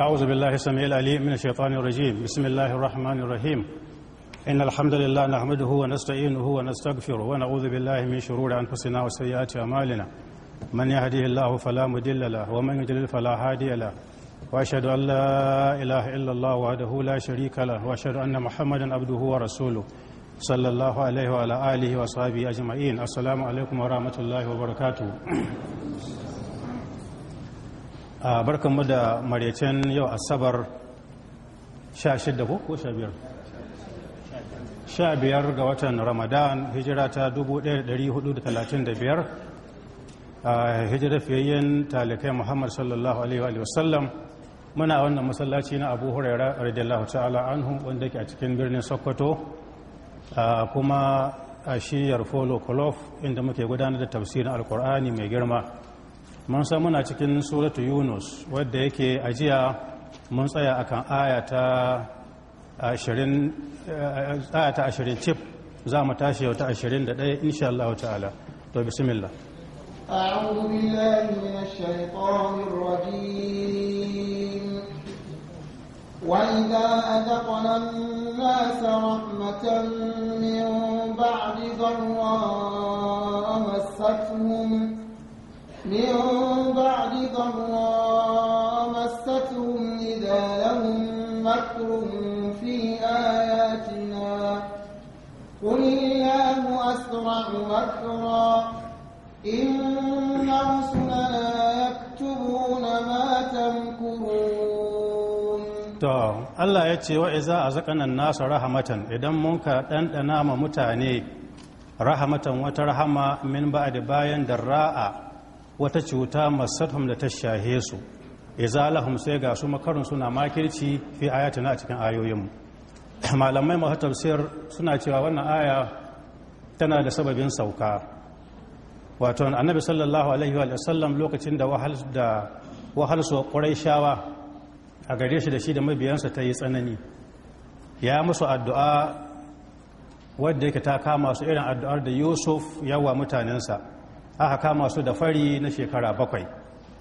أعوذ بالله السميع العليم من الشيطان الرجيم بسم الله الرحمن الرحيم إن الحمد لله نحمده ونستعينه ونستغفره ونعوذ بالله من شرور أنفسنا وسيئات أعمالنا من يهديه الله فلا مضل له ومن يضلل فلا هادي له وأشهد أن لا إله إلا الله وحده لا شريك له وأشهد أن محمدا عبده ورسوله صلى الله عليه وعلى آله وصحبه أجمعين السلام عليكم ورحمة الله وبركاته a mu da maraicen yau asabar 16 ko 15 ga watan ramadan hijira ta 1435 a hijira fiyayyen talikai muhammad sallallahu alaihi wa sallam muna wannan masallaci na abu huraira radiyallahu ta'ala anhu wanda ke a cikin birnin sokoto kuma a shiyar folo kolof inda muke gudanar da tafsirin alkur'ani mai girma mun san muna cikin suratu yunus wadda yake ajiya mun tsaya akan eh, ta ashirin cif za mu tashi yau ta ashirin da ɗaya insha Allah ta'ala to bismillah أعوذ بالله من الشيطان الرجيم وإذا أذقنا الناس رحمة من بعد ضراء مستهم من بعد ضراء مستهم إذا لهم مكر في آياتنا قل الله أسرع مكرا إن رسلنا يكتبون ما تمكرون to Allah ya ce wa'iza a zakanan nasu rahmatan idan mun ka ɗanɗana ma mutane rahmatan wata rahama min ba da bayan da ra'a wata cuta masatum da ta shahe su izalahum sai ga su makarun suna makirci fi ayatina a cikin ayoyinmu malamai masu tafsir suna cewa wannan aya tana da sababin sauka wato annabi sallallahu alaihi wa sallam lokacin da wahal da wahal su quraishawa a gare shi da shi da mabiyansa ta yi tsanani ya musu addu'a wadda yake ta kama su irin addu'ar da yusuf yawa mutanensa aka kama su da fari na shekara bakwai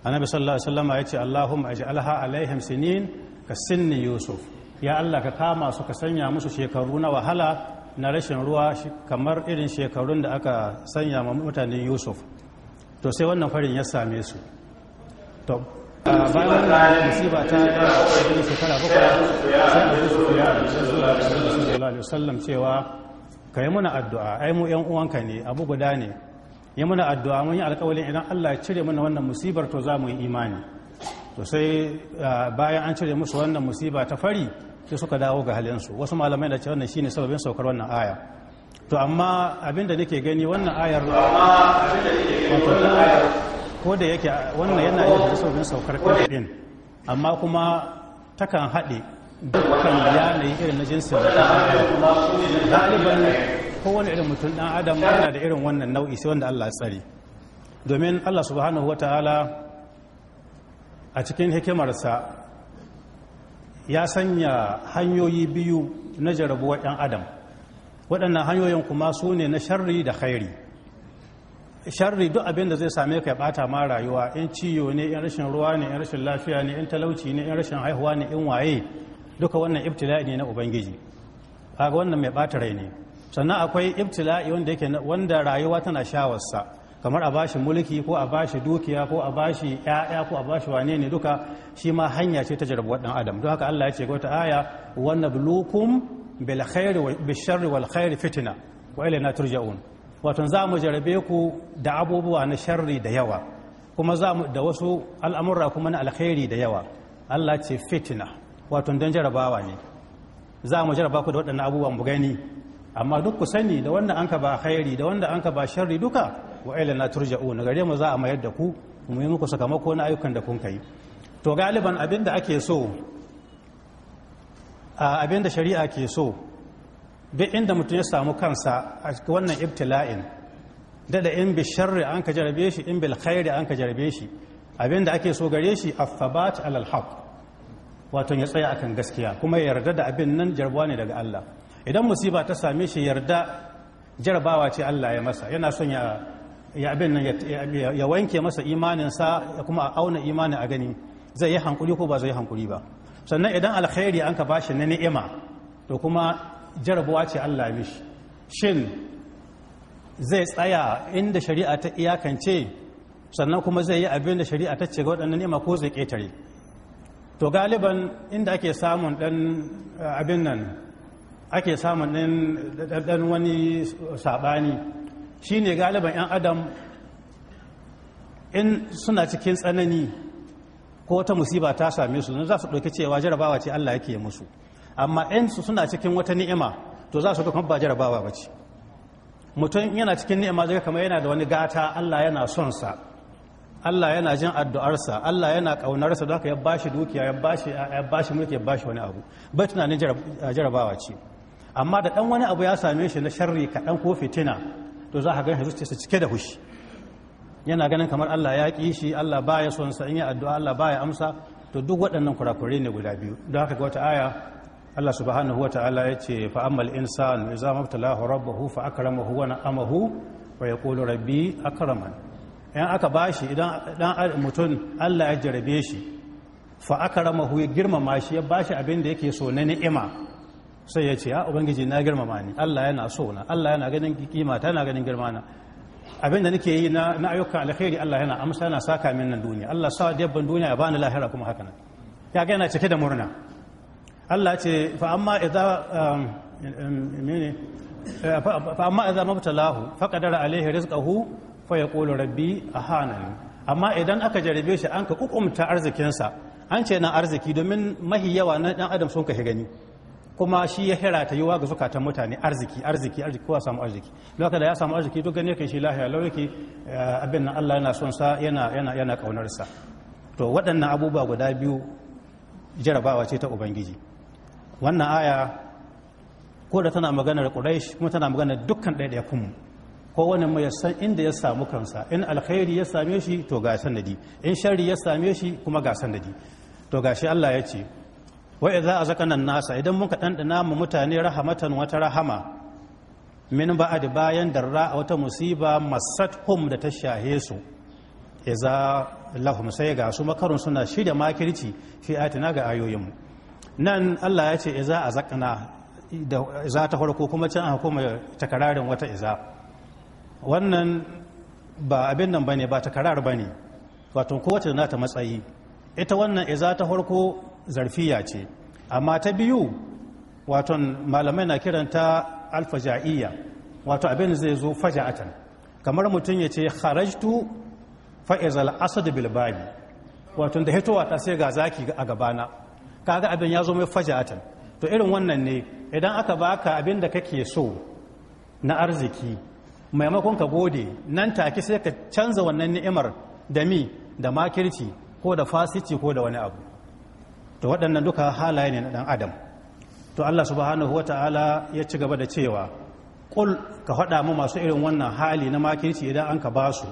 annabi sallallahu alaihi wasallam ya ce allahumma aj'alha alaihim sinin ka sinni yusuf ya allah ka kama su ka sanya musu shekaru na wahala na rashin ruwa kamar irin shekarun da aka sanya ma mutanen yusuf to sai wannan farin ya same su to bayan wannan musiba ta shekara bakwai sai ya sallallahu alaihi wasallam cewa ka yi muna addu'a ai mu yan uwanka ne abu guda ne ya muna addu'a mun yi alƙawalin idan Allah ya cire mana wannan musibar to za mu yi imani to sai bayan an cire musu wannan musiba ta fari sai suka dawo ga halinsu wasu malamai da ce wannan shine sababin saukar wannan aya to amma abinda nake gani wannan ayar ko da yake wannan yana yin sabbin saukar kafin amma kuma takan haɗe dukkan yanayi irin na jinsin da ɗaliban kowane irin mutum dan adam yana da irin wannan nau'i sai wanda Allah ya tsare domin Allah subhanahu Ta'ala a cikin hikimarsa ya sanya hanyoyi biyu na jarabuwar ɗan adam waɗannan hanyoyin kuma su ne na sharri da khairi sharri duk abin da zai same ka ya ɓata ma rayuwa in ciyo ne in rashin ruwa ne in rashin lafiya ne in talauci ne in rashin haihuwa ne in waye duka wannan ibtila'i ne na ubangiji kaga wannan mai ɓata rai ne sannan akwai ibtila'i wanda yake wanda rayuwa tana shawarsa kamar a bashi mulki ko a bashi dukiya ko a bashi ƴaƴa ko a bashi wane ne duka shi ma hanya ce ta jarabuwar dan adam don haka Allah ya ce ga wata aya wa nablukum bil khairi bil sharri wal khairi fitna wa ilayna turja'un wato za mu jarabe ku da abubuwa na sharri da yawa kuma za mu da wasu al'amura kuma na alkhairi da yawa Allah ce fitna wato don jarabawa ne za mu jaraba ku da waɗannan abubuwan mu gani amma duk ku sani da wanda anka ba khairi da wanda anka ba sharri duka wa ila na gare mu za a mayar da ku mu yi muku sakamako na ayyukan da kun kai to galiban abin da ake so a abin da shari'a ke so duk inda mutum ya samu kansa a wannan ibtila'in da in bi sharri an ka jarabe shi in bil khairi an ka jarabe shi abin da ake so gare shi affabat alal haq wato ya tsaya akan gaskiya kuma ya yarda da abin nan jarbuwa ne daga Allah idan musiba ta same shi yarda jarabawa ce Allah ya masa yana son ya ya abin nan ya wanke masa imaninsa ya kuma auna imanin a gani zai yi hankuri ko ba zai yi hankuri ba sannan idan alkhairi an ka bashi na ni'ima to kuma jarabawa ce Allah ya mishi shin zai tsaya inda shari'a ta iyakance sannan kuma zai yi abin da shari'a ta ce ga waɗannan ni'ima ko zai ƙetare to galiban inda ake samun ɗan abin nan ake samun ɗan wani saɓani shi ne galiban 'yan adam in suna cikin tsanani ko wata musiba ta same su za su ɗauki cewa jarabawa ce Allah yake musu amma in su suna cikin wata ni'ima to za su ba jarabawa ba ce mutum yana cikin ni'ima zai kama yana da wani gata Allah yana son sa Allah yana jin addu'arsa Allah yana ƙaunarsa don haka ya bashi dukiya ya bashi mulki ya bashi wani abu bai tunanin jarabawa ce amma da ɗan wani abu ya same shi na sharri kaɗan ko fitina to za ka ganin su cike da hushi yana ganin kamar Allah ya ƙi shi Allah baya son sa in ya addu'a Allah baya amsa to duk waɗannan kurakurai ne guda biyu don haka ga wata aya Allah subhanahu wa ta'ala ya ce fa ammal insanu idza mabtalahu rabbuhu fa akramahu wa na'amahu wa yaqulu rabbi akraman in aka bashi idan dan mutum Allah ya jarabe shi fa akramahu ya girmama shi ya bashi abin da yake so na ni'ima sai ya ce a ah, ubangiji na girmama ni Allah yana so na Allah yana ganin kima ta yana ganin girma na abinda nake yi na ayyukan alkhairi Allah yana amsa yana saka min nan duniya Allah sa dabban duniya ya bani lahira kuma haka nan ya ga yana cike da murna Allah ce fa amma idza um, um, menene fa amma idza mabtalahu faqadara alaihi rizqahu fa yaqulu rabbi ahanani amma idan aka jarabe shi an ka kukumta arzikinsa an ce na arziki domin mahi yawa na dan adam sun ka gani kuma shi ya hira ta yiwa ga zukatan mutane arziki arziki arziki kowa samu arziki lokacin da ya samu arziki duk gani ka shi lahiya lauyake eh, abin nan Allah yana son sa yana yana yana kaunar sa to waɗannan abubuwa guda biyu jarabawa ce ta ubangiji wannan aya ko da tana maganar quraish kuma tana maganar dukkan ɗaiɗaikun mu kowane mai san inda ya samu kansa in alkhairi ya same shi to ga sanadi in sharri ya same shi kuma ga sanadi to gashi Allah ya ce wa idza nan nasa idan muka ɗanɗana mu mutane rahamatan wata rahama min ba'ad bayan darra wata musiba masathum da ta shahe su idza lahum sai ga su makarun suna shirya makirci fi atina ga ayoyin nan Allah ya ce idza azaqana da iza ta farko kuma can aka koma takararin wata iza wannan ba abin nan bane ba takarar bane wato kowace na ta matsayi ita wannan iza ta farko zarfiya ce amma ta biyu waton malamai na kiranta alfaja'iyya wato abin zai zo faja'atan kamar mutum ya ce kharajtu fa'izal asad bilbani wato da hitowa ta sai ga zaki a gabana kaga abin ya zo mai faja'atan to irin wannan ne idan aka baka abin da kake so na arziki maimakon ka gode nan take sai ka canza wannan ni'imar da mi da makirci ko da fasici ko da wani abu to waɗannan duka halaye ne na ɗan adam to allah subhanahu wa ta'ala ya ci gaba da cewa ƙul ka faɗa mu masu irin wannan hali na makirci idan an ka ba su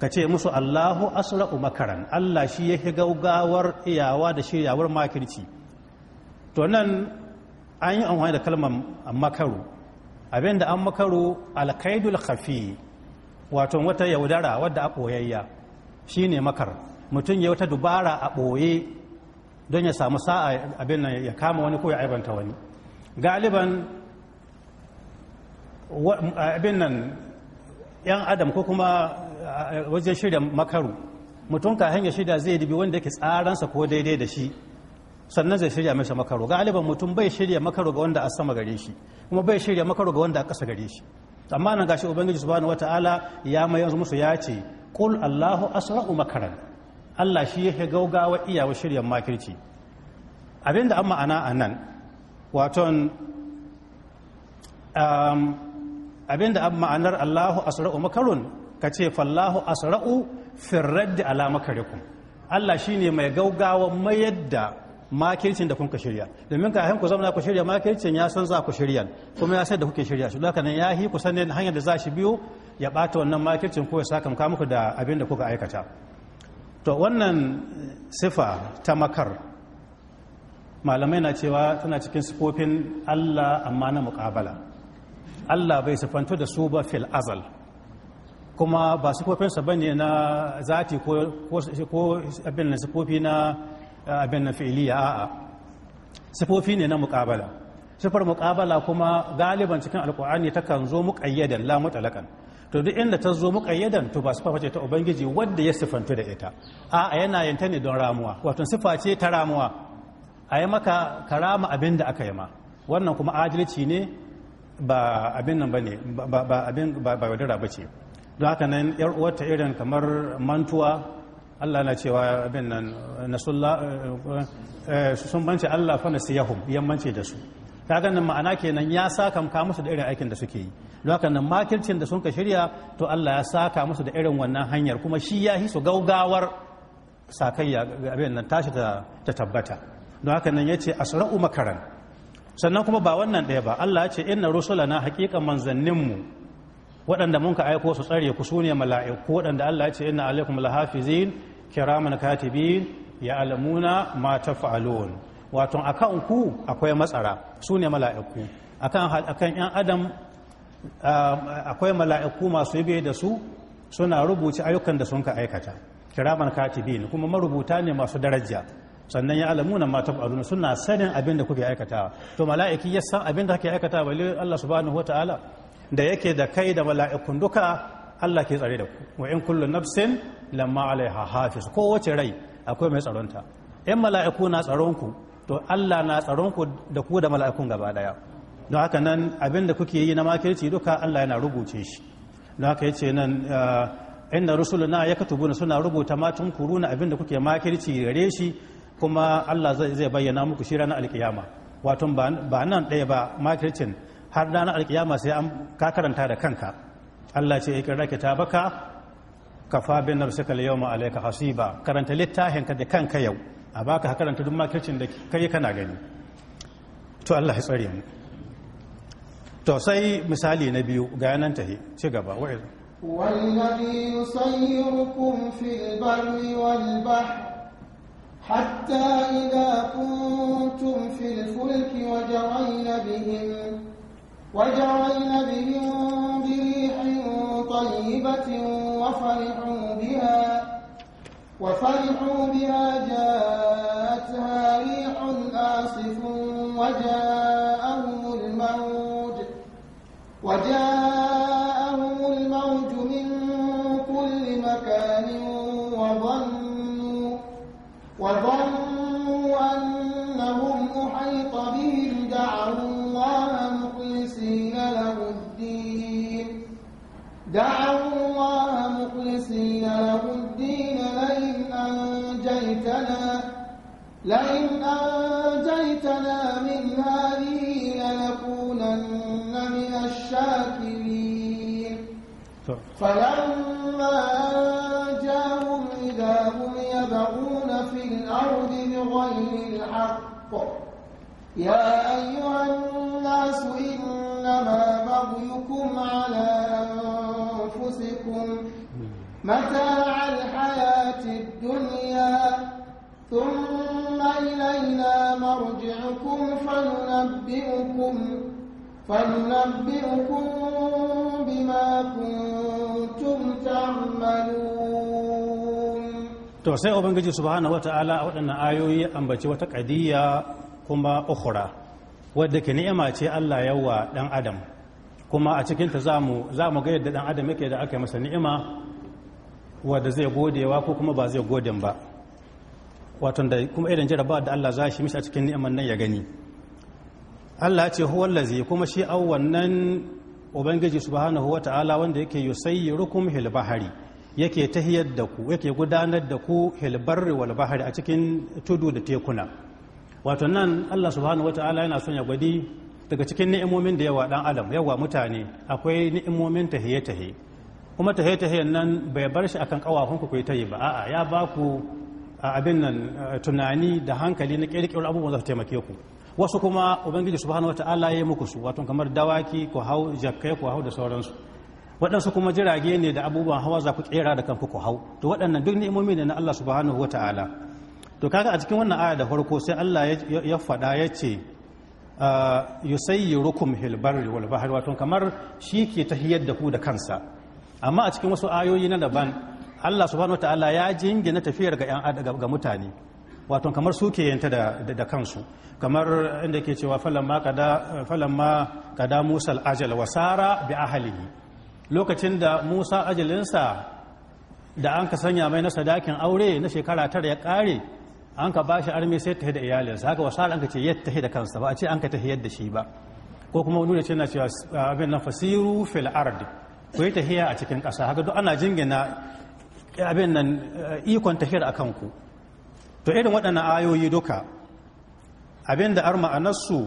ka ce musu allahu asra'u makaran allah shi ya fi gaugawar iyawa da shiryawar makirci to nan an yi amfani da kalmar makaru abinda an makaru alkaidul khafi wato wata yaudara wadda a ɓoyayya shi ne makar mutum ya wata dubara a ɓoye don ya samu sa'a abin nan ya kama wani ko ya aibanta wani galiban abin nan yan adam ko kuma wajen shirya makaru mutum ka hanyar shirya zai dubi wanda yake tsaransa ko daidai da shi sannan zai shirya masa makaro galiban mutum bai shirya makaro ga wanda a sama gare shi kuma bai shirya makaro ga wanda a ƙasa gare shi amma nan gashi ubangiji subhanahu wataala ya mai musu ya ce qul allahu asra'u makaran Allah shi yake gaugawa iyawa shirya makirci abinda an ma'ana a nan waton um, abinda an ma'anar Allahu asra'u makarun ka ce fallahu asra'u firraddi ala makarikum Allah shi ne mai gaugawa mayadda da makircin da kuka shirya domin ka ku zama ku shirya makircin ya san za ku shirya kuma ya san da kuke shirya shi haka ya hi ku sanin hanyar da za shi biyo ya bata wannan makircin ko ya sakamka muku da abin da kuka aikata to wannan sifa ta makar malamai na cewa tana cikin sifofin allah amma na mukabala allah bai sifanto da su ba fil azal kuma ba sifofinsa ba ne na zati ko abin na sifofi na abin na fi'iliya a'a sifofi ne na muƙabala sifar muƙabala kuma galiban cikin alƙur'ani takan zo muƙayyadan la mutalakan to duk inda ta zo muƙayyadan to ba sifa ce ta ubangiji wadda ya sifantu da ita a yana yanta ne don ramuwa wato sifa ce ta ramuwa a yi maka karama abin da aka yi ma wannan kuma adalci ne ba abin nan ba ne ba abin ba wadara ba ce don haka nan yar uwarta irin kamar mantuwa Allah na cewa abin nan nasulla eh, sun bance Allah fa nasiyahum yammanci da su kaga nan ma'ana kenan ya ka musu da irin aikin da suke yi lokacin da makircin da sun ka shirya to Allah ya saka musu da irin wannan hanyar kuma shi ya hisu gaugawar sakayya ga abin nan tashi ta tabbata don haka nan yace asra'u makaran sannan kuma ba wannan ɗaya ba Allah ya ce inna rusulana haqiqan zanninmu. waɗanda mun ka aiko su tsare ku sune mala'iku waɗanda Allah ya ce inna alaikum lahafizin kiraman katibin ya alamuna ma taf'alun wato akan ku akwai matsara sune mala'iku akan akan yan adam Um, akwai mala'iku masu biye da su suna rubuce ayyukan da sun ka aikata kiraman katibin kuma marubuta ne masu daraja sannan ya alamuna ma taf'aluna suna sanin abin da kuke aikatawa to mala'iki ya san abin da kake aikata bale Allah subhanahu Ta'ala? da yake da kai da mala'ikun duka Allah ke tsare da ku wa in kullu nafsin lamma alaiha hafiz kowace rai akwai mai tsaronta in mala'iku na tsaron ku to Allah na tsaron ku da ku da mala'ikun gaba daya don haka nan abin da kuke yi na makirci duka Allah yana rubuce shi don haka ya ce nan ah, inda rusuluna na suna rubuta ma na abin da kuke makirci gare shi kuma Allah zai bayyana muku shi ranar alkiyama wato ba nan ɗaya ba makircin har ranar alkiyama sai an ka karanta da kanka Allah ce ikirra kitabaka kafa bin nafsika al-yawma alayka hasiba karanta littafin ka da kanka yau a baka karanta duk makircin da kai kana gani to Allah ya tsare mu to sai misali na biyu ga yanan tahi ci gaba wa'ir والذي يسيركم في البر والبحر حتى إذا كنتم في الفلك وجرين بهم وجرين بهم بريح طيبة وفرحوا بها وفرحوا بها جاءتها ريح آصف وجاءت وجاءهم الموج من كل مكان وظنوا وظنوا أنهم أحيط بهم دعوا الله مخلصين له الدين دعوا الله مخلصين له الدين لئن أنجيتنا لئن أنجيتنا من شاكرين فلما جاءهم إذا هم يبغون في الأرض بغير الحق يا أيها الناس إنما بغيكم على أنفسكم متاع الحياة الدنيا ثم إلينا مرجعكم فننبئكم فننبئكم بما كنتم تعملون to sai ubangiji subhanahu wata'ala a waɗannan ayoyi ambaci wata ƙadiyya kuma ukhra wadda ke ni'ima ce Allah yawa ɗan adam kuma a cikinta za mu ga yadda ɗan adam yake da aka yi masa ni'ima wadda zai godewa ko kuma ba zai gode ba wato da kuma irin jaraba da Allah za shi mishi a cikin ni'imar nan ya gani Allah ce huwallazi kuma shi au wannan ubangiji subhanahu ta'ala wanda yake yusayyirukum hil bahari yake tahiyar da ku yake gudanar da ku hil barri wal a cikin tudu da tekuna wato nan Allah subhanahu ta'ala yana son ya gwadi daga cikin ni'imomin da yawa dan adam yawa mutane akwai ni'imomin tahiye kuma tahiye nan bai bar shi akan kawafin ku ku yi ba a'a ya ba ku abin nan tunani da hankali na kirkirar abubuwan za su taimake ku wasu kuma ubangiji subhanahu wata'ala ya yi muku su wato kamar dawaki ko hau jakkai ko hau da sauransu waɗansu kuma jirage ne da abubuwan hawa za ku kera da kanku ku hau to waɗannan duk ni'imomi ne na Allah subhanahu wata'ala to kaga a cikin wannan aya da farko sai Allah ya faɗa ya ce ah, yusayyirukum hil barri wal bahri wato kamar shi ke tahiyar da ku da kansa amma a cikin wasu ayoyi na daban Allah subhanahu wata'ala ya jingina tafiyar ga ga mutane wato kamar suke ke yanta da kansu kamar inda ke cewa falon ma kada musa al'ajal wasara bi ahalihi lokacin da musa ajalinsa da an ka sanya mai na sadakin aure na shekara tara ya kare an ka bashi armi sai ta da iyalinsa haka wasara an ka ce yadda tahi da kansa ba a ce an ka tahi yadda shi ba ko kuma nuna cewa cewa abin na fasiru fil ard ko yi tahiya a cikin ƙasa haka duk ana jingina abin nan eh, ikon tahiyar a kanku to irin waɗannan ayoyi duka abinda a ma'anarsu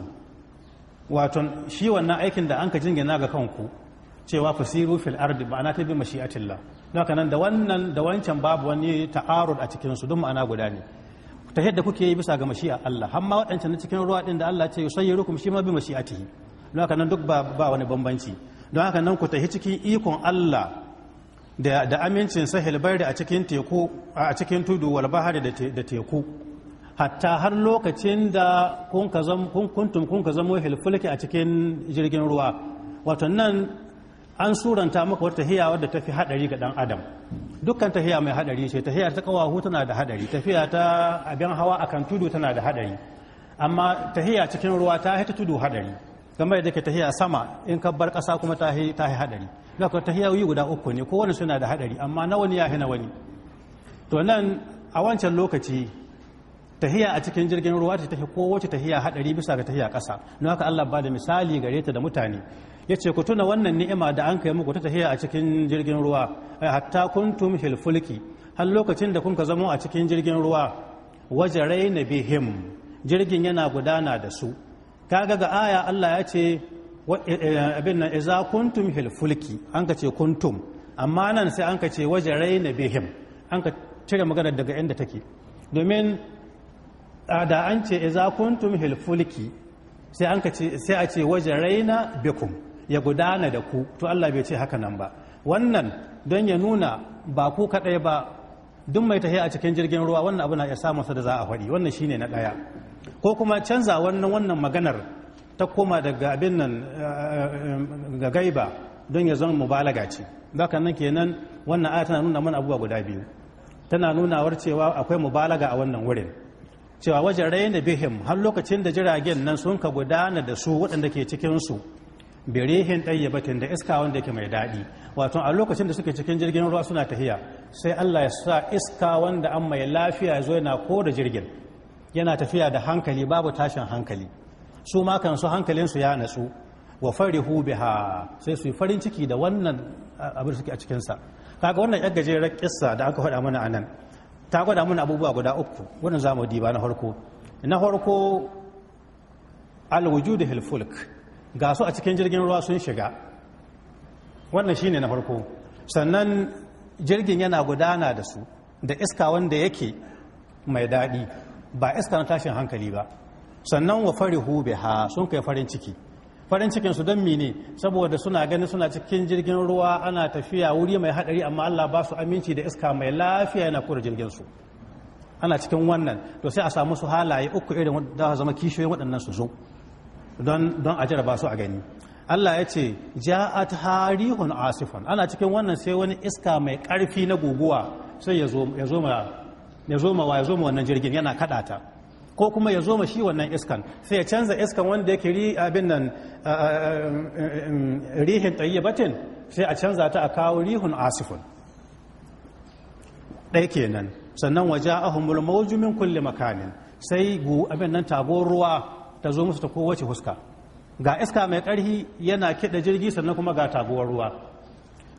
waton shi wannan aikin da an ka jingina ga kanku cewa fasiru fil ardi ma'ana ta bi mashi'atillah don haka nan da wannan da wancan babu wani ta'arud a cikin su duk ma'ana guda ne ta yadda kuke yi bisa ga mashi'a Allah har waɗancan na cikin ruwa ɗin da Allah ce yusayyirukum shi ma bi mashi'atihi don haka nan duk ba wani bambanci don haka nan ku tafi cikin ikon Allah da amincin sahil da a cikin teku a cikin tudu wal bahari da teku hatta har lokacin da kun kunka kun kuntum ka zamo hilfulki a cikin jirgin ruwa wato nan an suranta maka wata tahiya wadda ta fi hadari ga dan adam dukkan tahiya mai hadari ce tahiya ta kawahu tana da hadari tafiya ta abin hawa akan tudu tana da hadari amma tahiya cikin ruwa ta ta tudu hadari game da ke tahiya sama in ka bar kasa kuma ta yi haɗari da ka tahiya yi guda uku ne kowane suna da haɗari amma na wani ya hina wani to nan a wancan lokaci tahiya a cikin jirgin ruwa ta ko kowace tahiya haɗari bisa ga tahiya ƙasa don haka Allah ba da misali gare ta da mutane ya ce ku tuna wannan ni'ima da an kai muku ta tahiya a cikin jirgin ruwa hatta kuntum fil fulki har lokacin da kun ka zamo a cikin jirgin ruwa wajarai na bihim jirgin yana gudana da su kaga ga aya Allah ya ce eh, eh, abin nan iza kuntum fil fulki an ka ce kuntum amma nan sai an ka ce waje raina bihim an ka cire maganar daga inda take domin da an ce iza kuntum fil fulki sai an ce sai a ce waje raina bikum ya gudana da ku to Allah bai ce haka nan ba wannan don ya nuna ba ku kadai ba duk mai tahiya a cikin jirgin ruwa wannan abu na iya samun sa da za a faɗi wannan shine na daya ko kuma canza wannan wannan maganar ta koma daga abin nan eh, eh, ga gaiba don ya zama mubalaga ce baka nan kenan wannan aya tana nuna mana abubuwa guda biyu tana nunawar cewa akwai mubalaga a wannan wurin cewa wajen rayin da bihim har lokacin da jiragen nan sun ka gudana da su waɗanda ke cikin su ɗaya ɗayyabatin da iska wanda yake mai daɗi wato a lokacin da suke cikin jirgin ruwa suna tahiya sai allah ya sa iska wanda an mai lafiya ya zo yana ko da jirgin yana tafiya da hankali babu tashin hankali su ma kansu hankalinsu ya natsu wa farihu biha sai su yi farin ciki da wannan abin suke a cikinsa kaga wannan yar gajeren kissa da aka faɗa mana anan ta gwada mana abubuwa guda uku wannan za mu diba na farko na farko alwujudu hilfulk ga su a cikin jirgin ruwa sun shiga wannan shine na farko sannan jirgin yana gudana da su da iska wanda yake mai daɗi ba iska na tashin hankali ba sannan wa fari hube Ha! sun kai farin ciki farin cikinsu su don mene saboda suna ganin suna cikin jirgin ruwa ana tafiya wuri mai haɗari amma Allah ba su aminci da iska mai lafiya yana kura jirgin su ana cikin wannan to sai a samu su halaye uku irin da zama kishiyoyin waɗannan su zo don a jaraba su a gani Allah ya ce ja ja'at harihun asifan ana cikin wannan sai wani iska mai karfi na guguwa sai ya zo ma ya zo ma wannan jirgin yana kadata ko kuma ya zo ma shi wannan iskan sai ya canza iskan wanda yake ri abin nan rihin tayyibatin sai a canza ta a kawo rihun asifun ɗaya kenan sannan waje ahumul mawju min kulli makanin sai gu abin nan tagon ruwa ta zo musu ta kowace huska ga iska mai ƙarfi yana kiɗa jirgi sannan kuma ga taguwar ruwa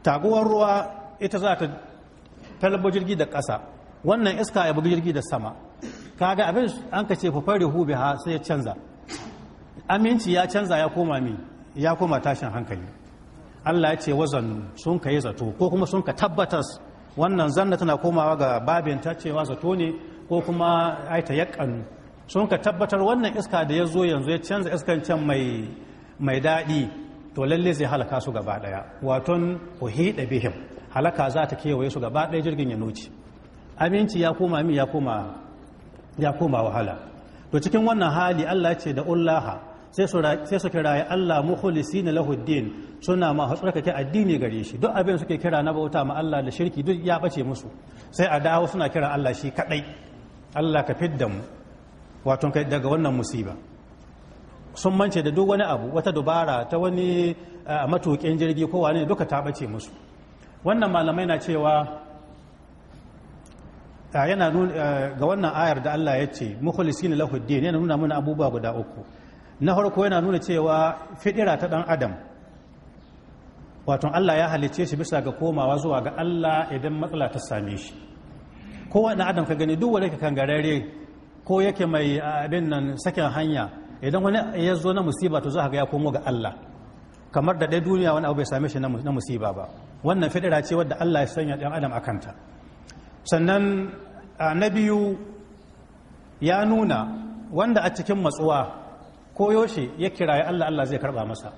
taguwar ruwa ita za ta talabo jirgi da ƙasa wannan iska ya bugi jirgi da sama kaga abin an ka ce fafari hubi ha sai ya canza aminci ya canza ya koma mi ya koma tashin hankali Allah ya ce wazan sun ka yi zato ko kuma sun ka tabbatas wannan zanna tana komawa ga babin ta cewa zato ne ko kuma ai ta yakkanu sun ka tabbatar wannan iska da ya zo yanzu ya canza iskan can mai daɗi to lalle zai halaka su gaba ɗaya waton uhida bihim halaka za ta kewaye su gaba ɗaya jirgin ya noci aminci ya koma min ya koma wahala to cikin wannan hali Allah ce da ullaha sai su ya Allah mukhlisina lahu lahuddin suna ma ke addini gare shi duk abin suke kira na bauta ma Allah da shirki duk ya bace musu sai a dawo suna kira Allah shi kadai Allah ka fidda mu wato kai daga wannan musiba sun mance da duk wani abu wata dubara ta wani matukin jirgi ko wani duka ta bace musu wannan malamai na cewa yana nuna, ga wannan ayar da Allah ya ce mukulisi ne din yana nuna mana abubuwa guda uku na farko yana nuna cewa fidira ta dan adam wato Allah ya halicce shi bisa ga komawa zuwa ga Allah idan matsala ta same shi kowane adam ka gani duk wanda ka kangarare ko yake mai abin nan sakin hanya idan wani ya zo na musiba to za ka ga ya komo ga Allah kamar da dai duniya wani abu bai same shi na musiba ba wannan fidira ce wadda Allah ya sanya ɗan adam akanta sannan na biyu ya nuna wanda a cikin matsuwa ko yoshe ya kiraye Allah Allah zai karba masa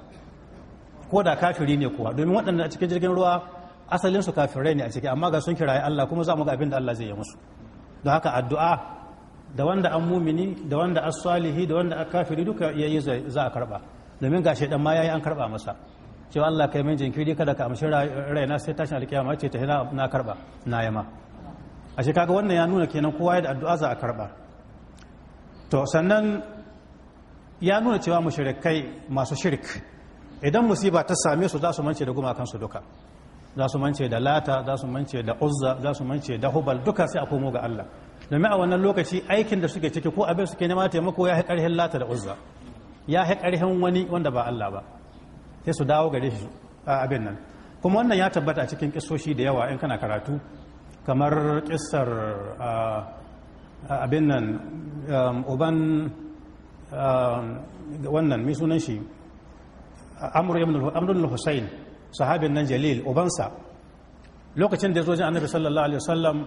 ko da kafiri ne kuwa domin waɗanda a cikin jirgin ruwa asalinsu kafirai ne a ciki amma ga sun kiraye Allah kuma za mu ga abin da Allah zai yi musu don haka addu'a da wanda an mumini da wanda asalihi salihi da wanda kafiri duka yayi za a karba domin ga shaidan ma yayi an karba masa cewa Allah kai min jinkiri kada ka amshi raina sai tashin alkiyama ce ta hina na karba na yama a shi kaga wannan ya nuna kenan kowa da addu'a za a karba to sannan ya nuna cewa mushrikai masu shirk idan musiba ta same su za su mance da gumakansu duka za su mance da lata za su mance da uzza za su mance da hubal duka sai a komo ga Allah domin a wannan lokaci aikin da suke ciki ko abin suke nema taimako ya haƙarhin lata da uzza ya haƙarhin wani wanda ba Allah ba sai su dawo gare shi a abin nan kuma wannan ya tabbata a cikin kisoshi da yawa in kana karatu kamar kisar abin nan um, uban um, wannan mai sunan shi amrul hussein sahabin nan jalil ubansa lokacin da ya zo annabi sallallahu alaihi wasallam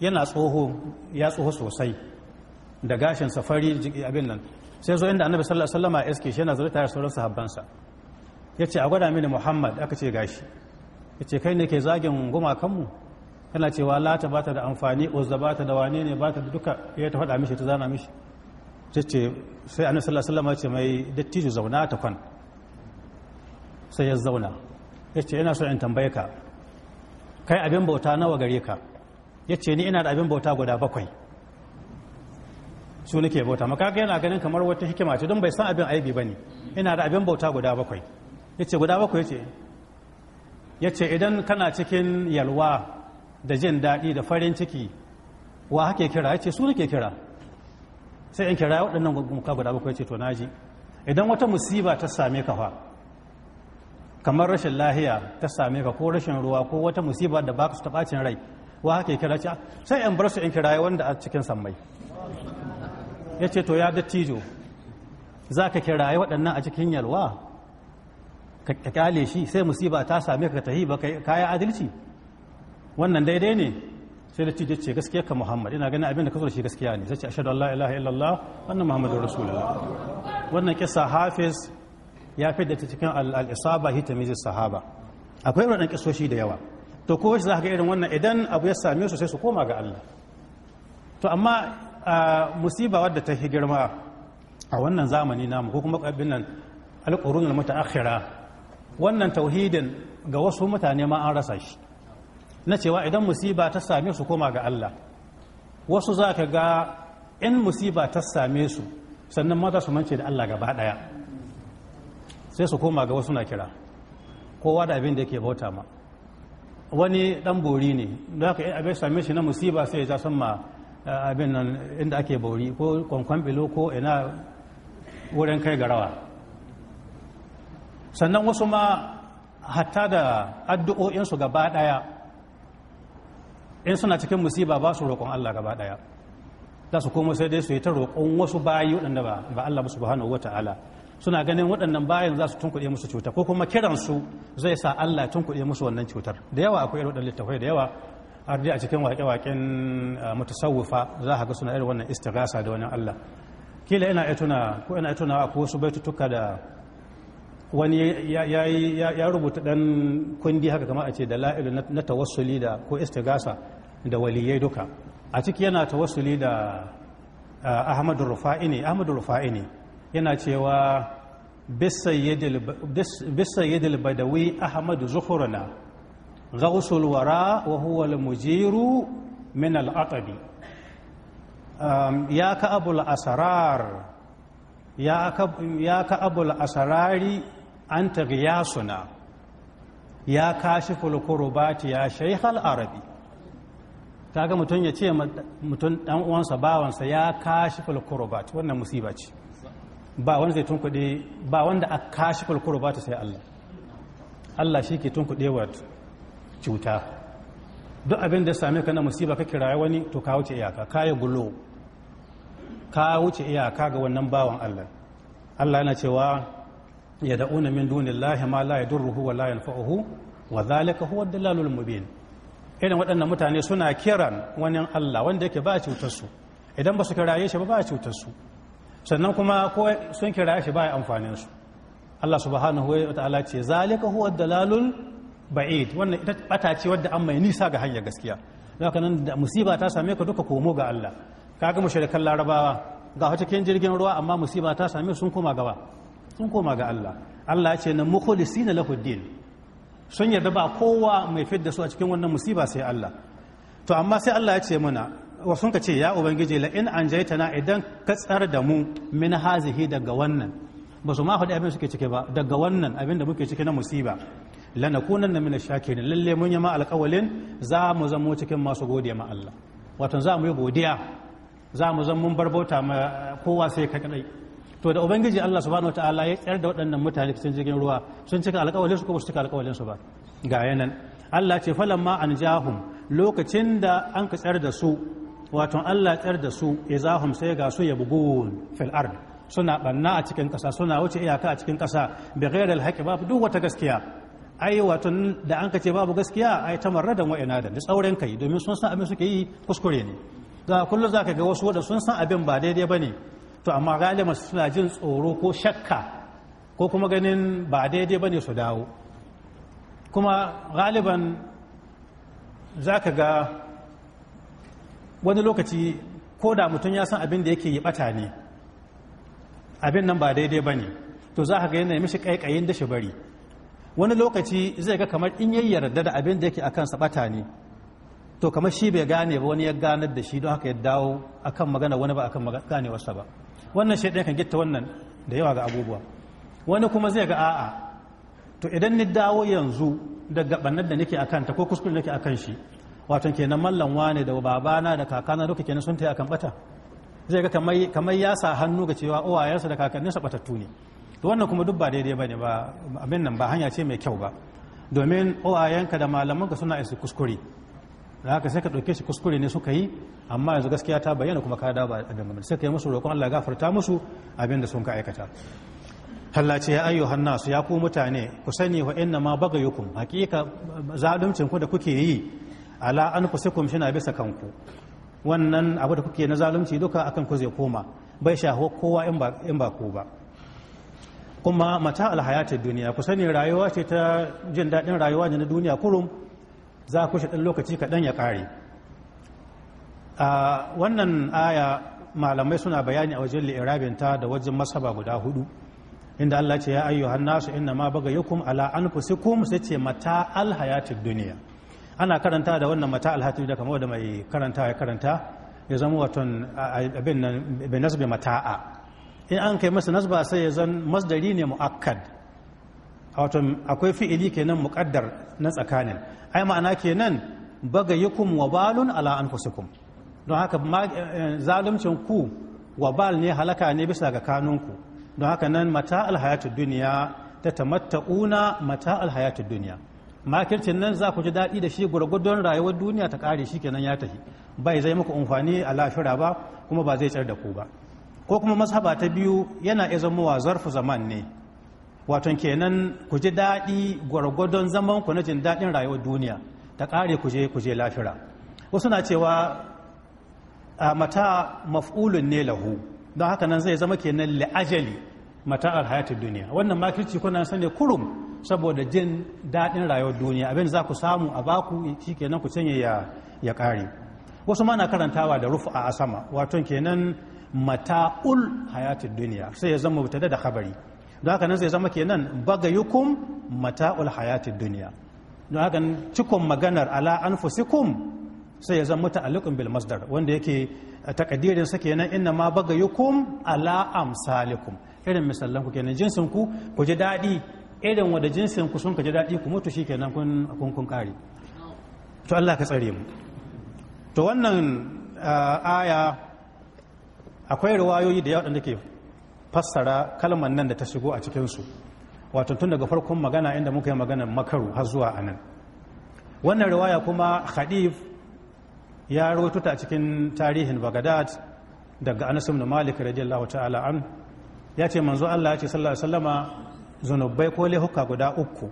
yana tsoho ya tsoho sosai da gashin safari abin nan sai zo inda annabi sallallahu alaihi wasallam iske shi yana zaune tare sauran sahabbansa yace a gwada mini muhammad aka ce gashi yace kai ne ke zagin kanmu. kana cewa lata bata da amfani uzza bata da wane ne bata da duka ya ta faɗa mishi ta zana mishi tace sai annabi sallallahu alaihi wasallam ya ce mai dattijo zauna ta kwan sai ya zauna yace ina so in tambaye ka kai abin bauta nawa gare ka ya ce ni ina da abin bauta guda bakwai su nake bauta makaka yana ganin kamar wata hikima ce don bai san abin aibi ba ne ina da abin bauta guda bakwai ya ce guda bakwai ce ya ce idan kana cikin yalwa da jin daɗi da farin ciki wa hake kira ya ce su nake kira sai in kira waɗannan muka guda bakwai ce to naji idan wata musiba ta same ka fa kamar rashin lahiya ta same ka ko rashin ruwa ko wata musiba da baka su ta bacin rai wa haka kira ce sai in bar su in kira wanda a cikin sammai ya ce to ya dattijo za ka kiraye waɗannan a cikin yalwa ka kyale shi sai musiba ta same ka tahi ba ka yi adalci wannan daidai ne sai da cije ce gaskiya ka muhammad ina ganin abin da ka zo shi gaskiya ne sai ce ashhadu an la ilaha illallah wannan muhammadur rasulullah wannan kisa hafiz ya fidda ta cikin al-isaba hi sahaba akwai wadannan kisoshi da yawa to ko shi za ga irin wannan idan abu ya same su sai su koma ga Allah to amma musiba wadda ta fi girma a wannan zamani namu ko kuma kwabin nan alqurunul mutaakhira wannan tauhidin ga wasu mutane ma an rasa shi na cewa idan musiba ta same su koma ga Allah wasu za ka ga in musiba ta same su sannan maza su mance da Allah gaba daya sai su koma ga wasu na kira kowa da abin da yake bauta ma wani dan bori ne da haka abin same shi na musiba sai ya san ma eh, abin nan inda ake bori ko kwankwan bilo ko ina wurin kai garawa sannan wasu ma hatta da addu'o'insu gaba daya in suna cikin musiba ba su roƙon Allah gaba daya za su komo sai dai su yi ta roƙon wasu bayi waɗanda ba Allah ba subhanahu wa ta'ala suna ganin waɗannan bayan za su tunkuɗe musu cutar ko kuma kiransu zai sa Allah tunkuɗe musu wannan cutar da yawa akwai irin waɗannan littafai da yawa har dai a cikin waƙe-waƙen ah, mutasawwifa za a ga suna irin wannan istighasa da wani Allah kila ina aituna ko ina tuna ko wasu baitutuka da wani ya rubuta dan kundi haka kamar a ce da la'ilu na tawassuli da ko istighasa da waliyai duka a ciki yana tawassuli da Ahmadu Rufa'i Ahmadu Rufa'i ne yana cewa bisayyidil badawi ahmad zuhurna ghausul wara wa huwa mujiru min al-aqabi um, ya ka abul asrar ya ka abul asrari ya kashi kurbati ya shaykhal arabi kaga mutum ya ce mutum dan uwansa bawansa ya kashi kurbat wannan musiba ce ba wanda zai tunkuɗe ba wanda a kashi falkuru ba ta sai Allah Allah shi ke tunkuɗe wa cuta duk abin da same ka na musiba ka kiraya wani to ka wuce iyaka ka yi gulo ka wuce iyaka ga wannan bawan Allah Allah yana cewa ya da'una min dunillahi ma la yadurruhu wa la yanfa'uhu wa zalika huwa ad-dalalul mubin irin waɗannan mutane suna kiran wani Allah wanda yake ba cutar su idan ba su kiraye shi ba ba cutar su sannan kuma ko sun kira shi ba amfanin su Allah subhanahu wa ta'ala ce zalika huwa dalalul ba'id wannan ita bata ce wadda an mai nisa ga hanyar gaskiya haka nan da musiba ta same ka duka komo ga Allah kaga mushrikan larabawa ga cikin jirgin ruwa amma musiba ta same sun koma gaba sun koma ga Allah Allah ya ce na mukhlisina na din sun yarda ba kowa mai fidda su a cikin wannan musiba sai Allah to amma sai Allah ya ce mana wasu ka ce ya ubangiji la in an jaitana idan ka tsar da mu min hazihi daga wannan ba su ma faɗi abin suke ciki ba daga wannan abin da muke ciki na musiba lanakunan na mina shakirin lalle mun yi ma alƙawalin za mu zamo cikin masu godiya ma Allah wato za mu yi godiya za mu zan mun barbauta ma kowa sai ka kadai to da ubangiji Allah subhanahu wataala ya tsayar da waɗannan mutane cikin jirgin ruwa sun cika alƙawalin su ko ba su cika alƙawalin su ba ga yanan Allah ce falamma anjahum lokacin da an ka tsayar da su wato Allah tsar da su izahum sai ga su ya bugu fil'ar suna ɓanna a cikin kasa suna wuce iyaka a cikin ƙasa bi ghairil haqqi babu duk wata gaskiya ai wato da an ce babu gaskiya ai tamarradan wa wa'ina da tsaurin kai domin sun san abin suke yi kuskure ne za kullu ga wasu da sun san abin ba daidai bane to amma galiba suna jin tsoro ko shakka ko kuma ganin ba daidai ne su dawo kuma galiban zaka ga wani lokaci ko da mutum ya san abin da yake yi bata ne abin nan ba daidai ba ne to za ka ga yana mishi kaikayin da shi bari wani lokaci zai ga kamar in yayi yarda da abin da yake a kansa bata ne to kamar shi bai gane ba wani ya ganar da shi don haka ya dawo akan magana wani ba akan wasa ba wannan shaidan kan gitta wannan da yawa ga abubuwa wani kuma zai ga a'a to idan ni dawo yanzu daga gabanar da nake akan ta ko kuskure nake kan shi wato kenan mallan wane da babana da kakana duka kenan sun tai akan bata zai ga kamar ya sa hannu ga cewa uwayensa da kakanninsa batattu ne to wannan kuma duk ba daidai ba ne ba abin nan ba hanya ce mai kyau ba domin uwayenka da malamanka suna isa kuskure da haka sai ka ɗauke shi kuskure ne suka yi amma yanzu gaskiya ta bayyana kuma ka daba a gaba sai ka yi musu roƙon Allah gafarta musu abin da sun ka aikata Tallace ya ayyu su ya ku mutane ku sani wa inna ma bagayukum hakika zaluncin ku da kuke yi ala an fusikum shi na bisa kanku wannan abu da kuke na zalunci duka akan ku zai koma bai shahuwa kowa in ba ku ba kuma mata alhayatar duniya ku sani rayuwa ce ta jin daɗin rayuwa ne na duniya kurum za ku shi ɗan lokaci kaɗan ya ƙare a wannan aya malamai suna bayani a wajen li'irabinta da wajen masaba guda hudu inda Allah ce ya ayyuhan nasu inna ma baga yukum ala anfusikum sai ce mata alhayatar duniya ana karanta da wannan mata alhatu da kamar da mai karanta ya karanta ya zama watan abin nan bai nasbi mata'a in an kai masa nasba sai ya zan masdari ne muakkad wato akwai fi'ili kenan muqaddar na tsakanin ai ma'ana kenan bagayukum wa balun ala anfusikum don haka eh, Zalumcin ku wabal ne halaka ne bisa ga kanunku don haka nan mata Alhayatu duniya ta tamatta'una mata Alhayatu duniya makircin nan za ku ji daɗi da shi gwargwadon rayuwar duniya ta ƙare shi kenan ya tafi bai zai muku amfani a lafira ba kuma ba zai tsar da ku ba ko kuma mashaba ta biyu yana iya wa zarfu zaman ne wato kenan ku ji daɗi gwargwadon zaman ku na jin daɗin rayuwar duniya ta ƙare ku je ku je lafira wasu na cewa a mata maf'ulun ne lahu don haka nan zai zama kenan la'ajali mata alhayatul duniya wannan makirci kuna sani kurum saboda jin daɗin rayuwar duniya abin za ku samu a baku shi kenan ku canye ya ya ƙare wasu mana karantawa da rufu a sama wato kenan mata'ul hayati duniya sai ya zama wuta da habari, don haka nan zai zama kenan bagayukum mata'ul hayati duniya don haka cikon maganar ala anfusikum sai ya zama ta bil masdar wanda yake takadirin sa kenan inna ma bagayukum ala amsalikum irin misalan ku kenan jinsin ku ku ji daɗi irin wada jinsin ku sun ka ji daɗi ku mutu shikenan kun kun kun ƙari? to Allah ka tsare mu to wannan aya akwai ruwayoyi da yawa da ke fassara kalmar nan da ta shigo a cikin su wato tun daga farkon magana inda muka yi magana makaru har zuwa anan wannan riwaya kuma khadif ya rawaito ta cikin tarihin bagadad daga anas ibn malik radiyallahu ta'ala an ya ce manzo Allah ya ce sallallahu alaihi wasallama zunubai ko laifuka guda uku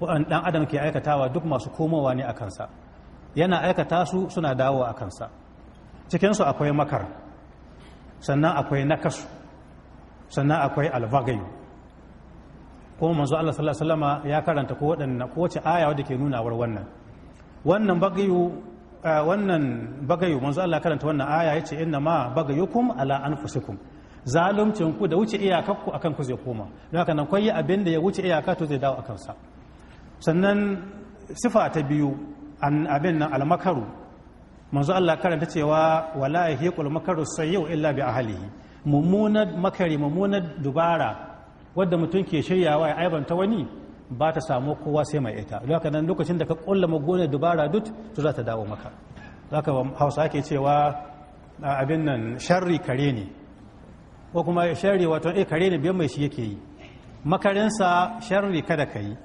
waɗanda ɗan adam ke aikatawa duk masu komowa ne a kansa yana aikata su suna dawo a kansa cikinsu akwai makar sannan akwai nakasu sannan akwai alvagayu kuma manzo Allah sallallahu alaihi wasallam ya karanta ko wadannan ko wace aya wadda ke war wannan wannan bagayu eh, wannan bagayu manzo Allah karanta wannan aya yace inna ma bagayukum ala anfusikum zaluncin ku da wuce iyakar ku akan ku zai koma don haka nan kwayi abin da ya wuce iyaka to zai dawo a kansa sannan sifa ta biyu abin nan almakaru manzo Allah karanta cewa wala yahiqul makaru sayyi'u illa bi ahlihi mummunar makari mummunar dubara wadda mutum ke shiryawa ya aibanta wani ba ta samu kowa sai mai ita haka nan lokacin da ka kulla magona dubara duk to za ta dawo maka haka hausa ke cewa abin nan sharri kare ne ko kuma sharri wato eh kare ne biyan mai shi yake yi makarinsa sharri kada ka yi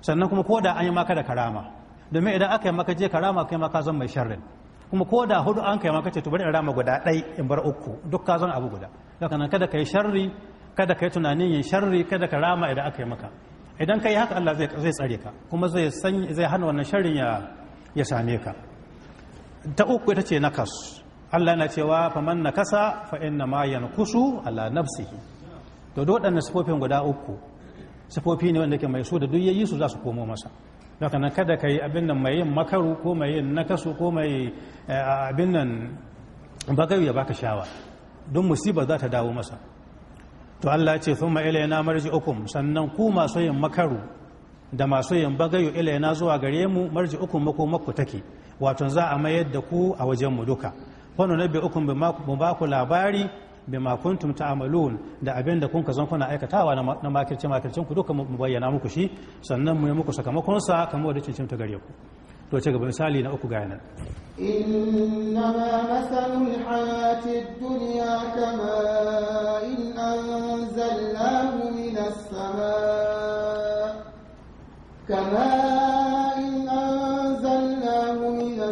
sannan kuma ko da an yi maka da karama domin idan aka yi maka je karama kai maka zan mai sharri. kuma ko da hudu an kai maka ce to bari in rama guda ɗai in bar uku duk ka zan abu guda daga nan kada ka yi sharri kada ka yi tunanin yin sharri kada ka rama idan aka yi maka idan ka yi haka Allah zai tsare ka kuma zai zai hana wannan sharrin ya ya same ka ta uku ita ce nakas Allah na cewa fa manna kasa fa inna ma yankusu ala nafsihi to dan sifofin guda uku sifofi ne wanda ke mai so da duk yayi su za su komo masa haka nan kada ka yi abin nan mai yin makaru ko mai yin nakasu ko mai eh, abin nan bagayu ya baka shawa don musiba za ta dawo masa to Allah ce thumma ilaina marji sannan ku masu yin makaru da masu yin bagayu ilaina zuwa gare mu marji mako mako take wato za a mayar da ku a wajen mu duka wani na bi'ukun mu ba ku labari bi ma kuntum ta'malun da abin da kunka ka zan kuna aikatawa na makirce makircin ku duka mu bayyana muku shi sannan mu yi muku sakamakon sa kamar da cincin ta gare ku to ce gaba misali na uku ga nan إنما مثل الحياة الدنيا كماء إن أنزلناه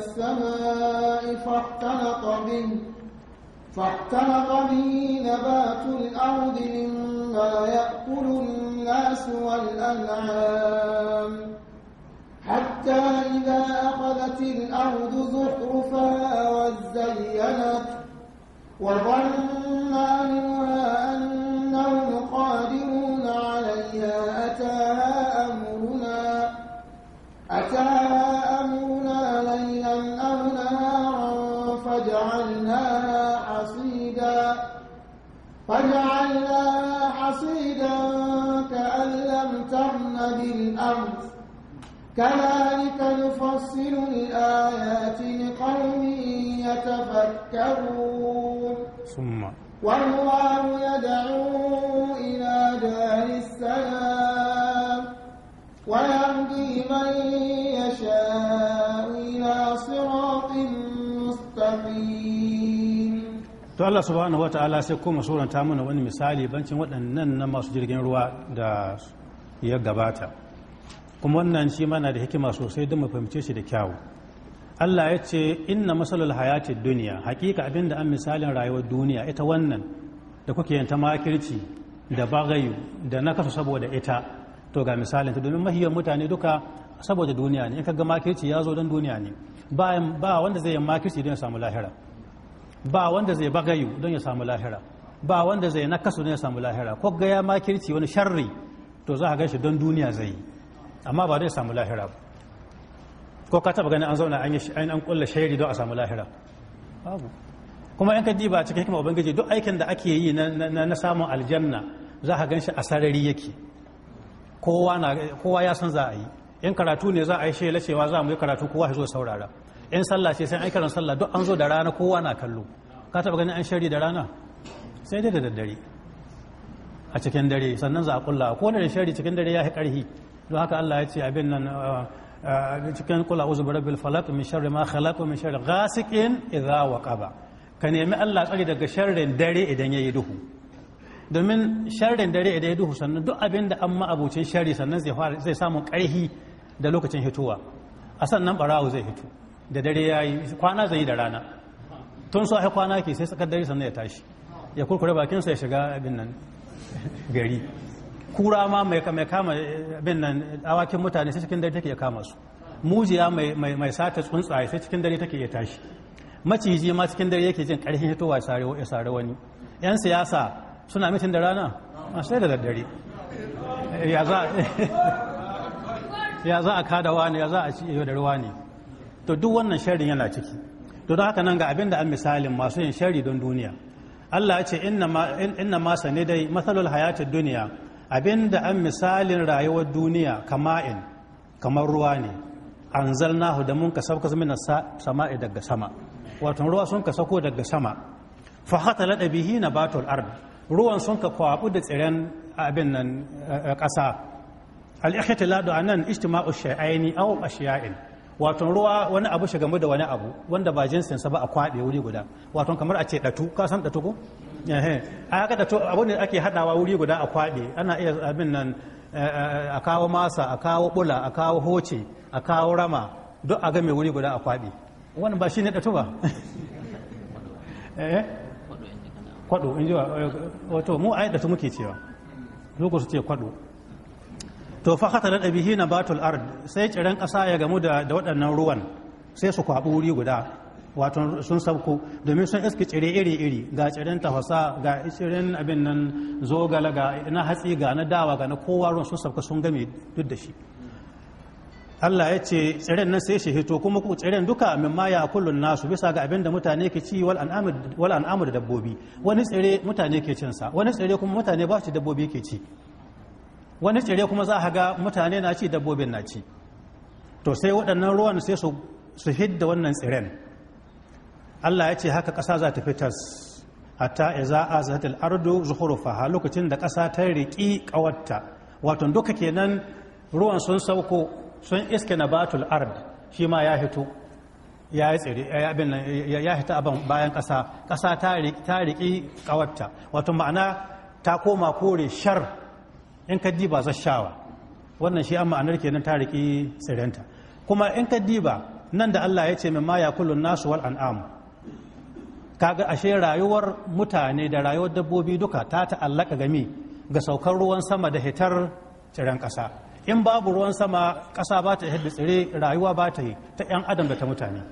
السماء فاختلط به فاختلط به نبات الأرض مما يأكل الناس والأنعام حتى إذا أخذت الأرض زخرفها وزينت وظن أهلها أنهم قادرون عليها أتاها فجعلناها حصيدا كأن لم تغن بالأرض كذلك نفصل الآيات لقوم يتفكرون ثم والله يدعون to Allah subhanahu wataala sai kuma suranta mana wani misali bancin waɗannan na masu jirgin ruwa da ya gabata kuma wannan shi mana da hikima sosai don mu fahimce shi da kyawu Allah ya ce inna matsalar hayati duniya hakika abinda an misalin rayuwar duniya ita wannan da kuke yanta makirci da bagayu da na kasu saboda ita to ga misalin ta domin mahiyar mutane duka saboda duniya ne in ka ga makirci ya zo don duniya ne ba wanda zai yi makirci don ya samu lahira ba wanda zai bagayu don ya samu lahira ba wanda zai nakasu don ya samu lahira ko gaya ma makirci wani sharri to za a gan shi don duniya zai yi amma ba don ya samu lahira ko ka taba ganin an zauna an an kulla shairi don a samu lahira babu kuma yan kaddi ba cikin hikimar ubangiji duk aikin da ake yi na samun aljanna za a gan shi a sarari yake kowa ya san za a yi in karatu ne za a yi shi cewa za mu yi karatu kowa ya zo saurara in sallah ce sai an karin sallah duk an zo da rana kowa na kallo ka taba ganin an shari da rana sai dai da daddare a cikin dare sannan za a kulla ko da shari cikin dare ya fi karhi don haka Allah ya ce abin nan uh, uh, cikin kula uzu bil falaq min sharri ma khalaq min sharri ghasiqin idha waqaba ka nemi Allah tsari daga sharrin dare idan yayi duhu domin sharrin dare idan yayi duhu sannan duk abin da an ma'abucin shari sannan zai samu karhi da lokacin hitowa a sannan barawo zai hito da dare ya yi kwana zai yi da rana tun so a kwana ke sai tsakar dare sannan ya tashi ya kurkure bakinsa ya shiga abin nan gari kura ma mai kama abin nan awakin mutane sai cikin dare take ya kama su mujiya mai sata tsuntsaye sai cikin dare take ya tashi maciji ma cikin dare yake jin karfin hitowa ya sare wani yan siyasa suna mitin da rana a sai da daddare ya za a kada wani ya za a ci da ruwa ne to duk wannan sharrin yana ciki to don haka nan ga abin da an misalin masu yin sharri don duniya Allah ya ce inna ma sane dai matsalar hayatid duniya abin da an misalin rayuwar duniya kama'in kamar ruwa ne anzalnahu da mun ka sauka mina sama'i daga sama wato ruwa sun ka sako daga sama fa lada bihi nabatul ard ruwan sun ka kwabu da tsiren abin nan eh, eh, ƙasa al-ihtiladu anan ijtima'u shay'aini aw ashya'in wato ruwa wani abu shiga gamu da wani abu wanda ba jinsinsa ba a kwaɗe wuri guda wato kamar a ce ɗatu ka san ɗatu ko a aka datu abu ne ake haɗawa wuri guda a kwaɗe ana iya abin nan eh, eh, a kawo masa a kawo bula a kawo hoce a kawo rama duk a game wuri guda a kwaɗe wannan ba shi ne ɗatu ba eh? kwado in ji wato mu a yi ɗatu muke cewa lokacin ce kwado to fa khatara da bihi batul ard sai tsiran ƙasa ya gamu da waɗannan ruwan sai su kwaɓi wuri guda wato sun sabku domin sun iski tsire iri-iri ga tsirin tafasa ga tsirin abin nan zogala ga na hatsi ga na dawa ga na kowa ruwan sun sabku sun game duk da shi Allah ya ce tsirin nan sai shi hito kuma ku tsirin duka min ma ya kullun nasu bisa ga abin da mutane ke ci wal an'amu da dabbobi wani tsire mutane ke cinsa wani tsire kuma mutane ba su dabbobi ke ci wani tsire kuma za a ga mutane na ci dabbobin na ci to sai waɗannan ruwan sai su hidda wannan tsiren allah ya ce haka ƙasa za ta fitas hatta iza azat al-ardu a lokacin da ƙasa ta riƙi ƙawarta wato duka kenan ruwan sun sauko sun iske na batul ard shi ma ya hito ya yi tsiri ya hita abin bayan ƙasa ƙasa ta riƙi ƙawarta wato ma'ana ta koma kore shar in ka diba shawa, wannan shi an ma'anar kenan ta riƙi tsirenta kuma in ka diba nan da Allah ya ce min ma kullum nasu wal an'am kaga ashe rayuwar mutane da rayuwar dabbobi duka ta ta'allaka gami ga saukar ruwan sama da hitar tsiren kasa. in babu ruwan sama ƙasa ba ta da tsire rayuwa ba ta yi ta 'yan adam da ta mutane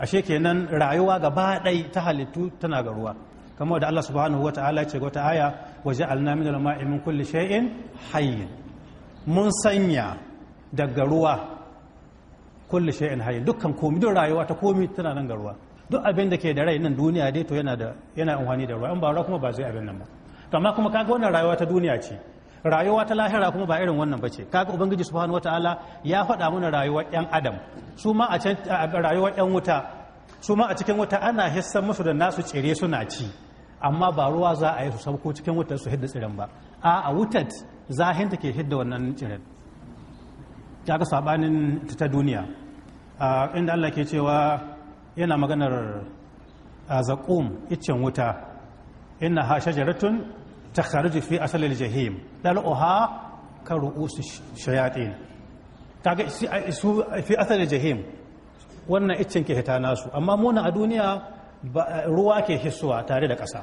ashe kenan rayuwa gaba ɗai ta halittu tana ga ruwa kamar da Allah subhanahu wa ta'ala ce wata aya waja'alna min al-ma'i min kulli shay'in hayyin mun sanya daga ruwa kulli shay'in hayyin dukkan komi duk rayuwa ta komi tana nan ga ruwa duk abin da ke da rai nan duniya dai to yana da yana amfani da ruwa in ba ruwa kuma ba zai abin nan ba amma kuma kaga wannan rayuwa ta duniya ce rayuwa ta lahira kuma ba irin wannan bace kaga ubangiji subhanahu wataala ya faɗa mana rayuwar ƴan adam su ma a can rayuwar yan wuta su ma a cikin wuta ana hissan musu da nasu tsire suna ci amma ba ruwa za a yi su sauko cikin wutar su hidda tsirin ba a a wutar zahin ke hidda wannan tsirin ta ga sabanin ta duniya inda Allah ke cewa yana maganar zaƙum iccen wuta inna ha shajaratun ta kharuji fi asalil jahim uha ka ru'usu shayatin kaga su fi asalil jahim wannan iccen ke hita nasu amma muna a duniya ruwa ke hisuwa tare da ƙasa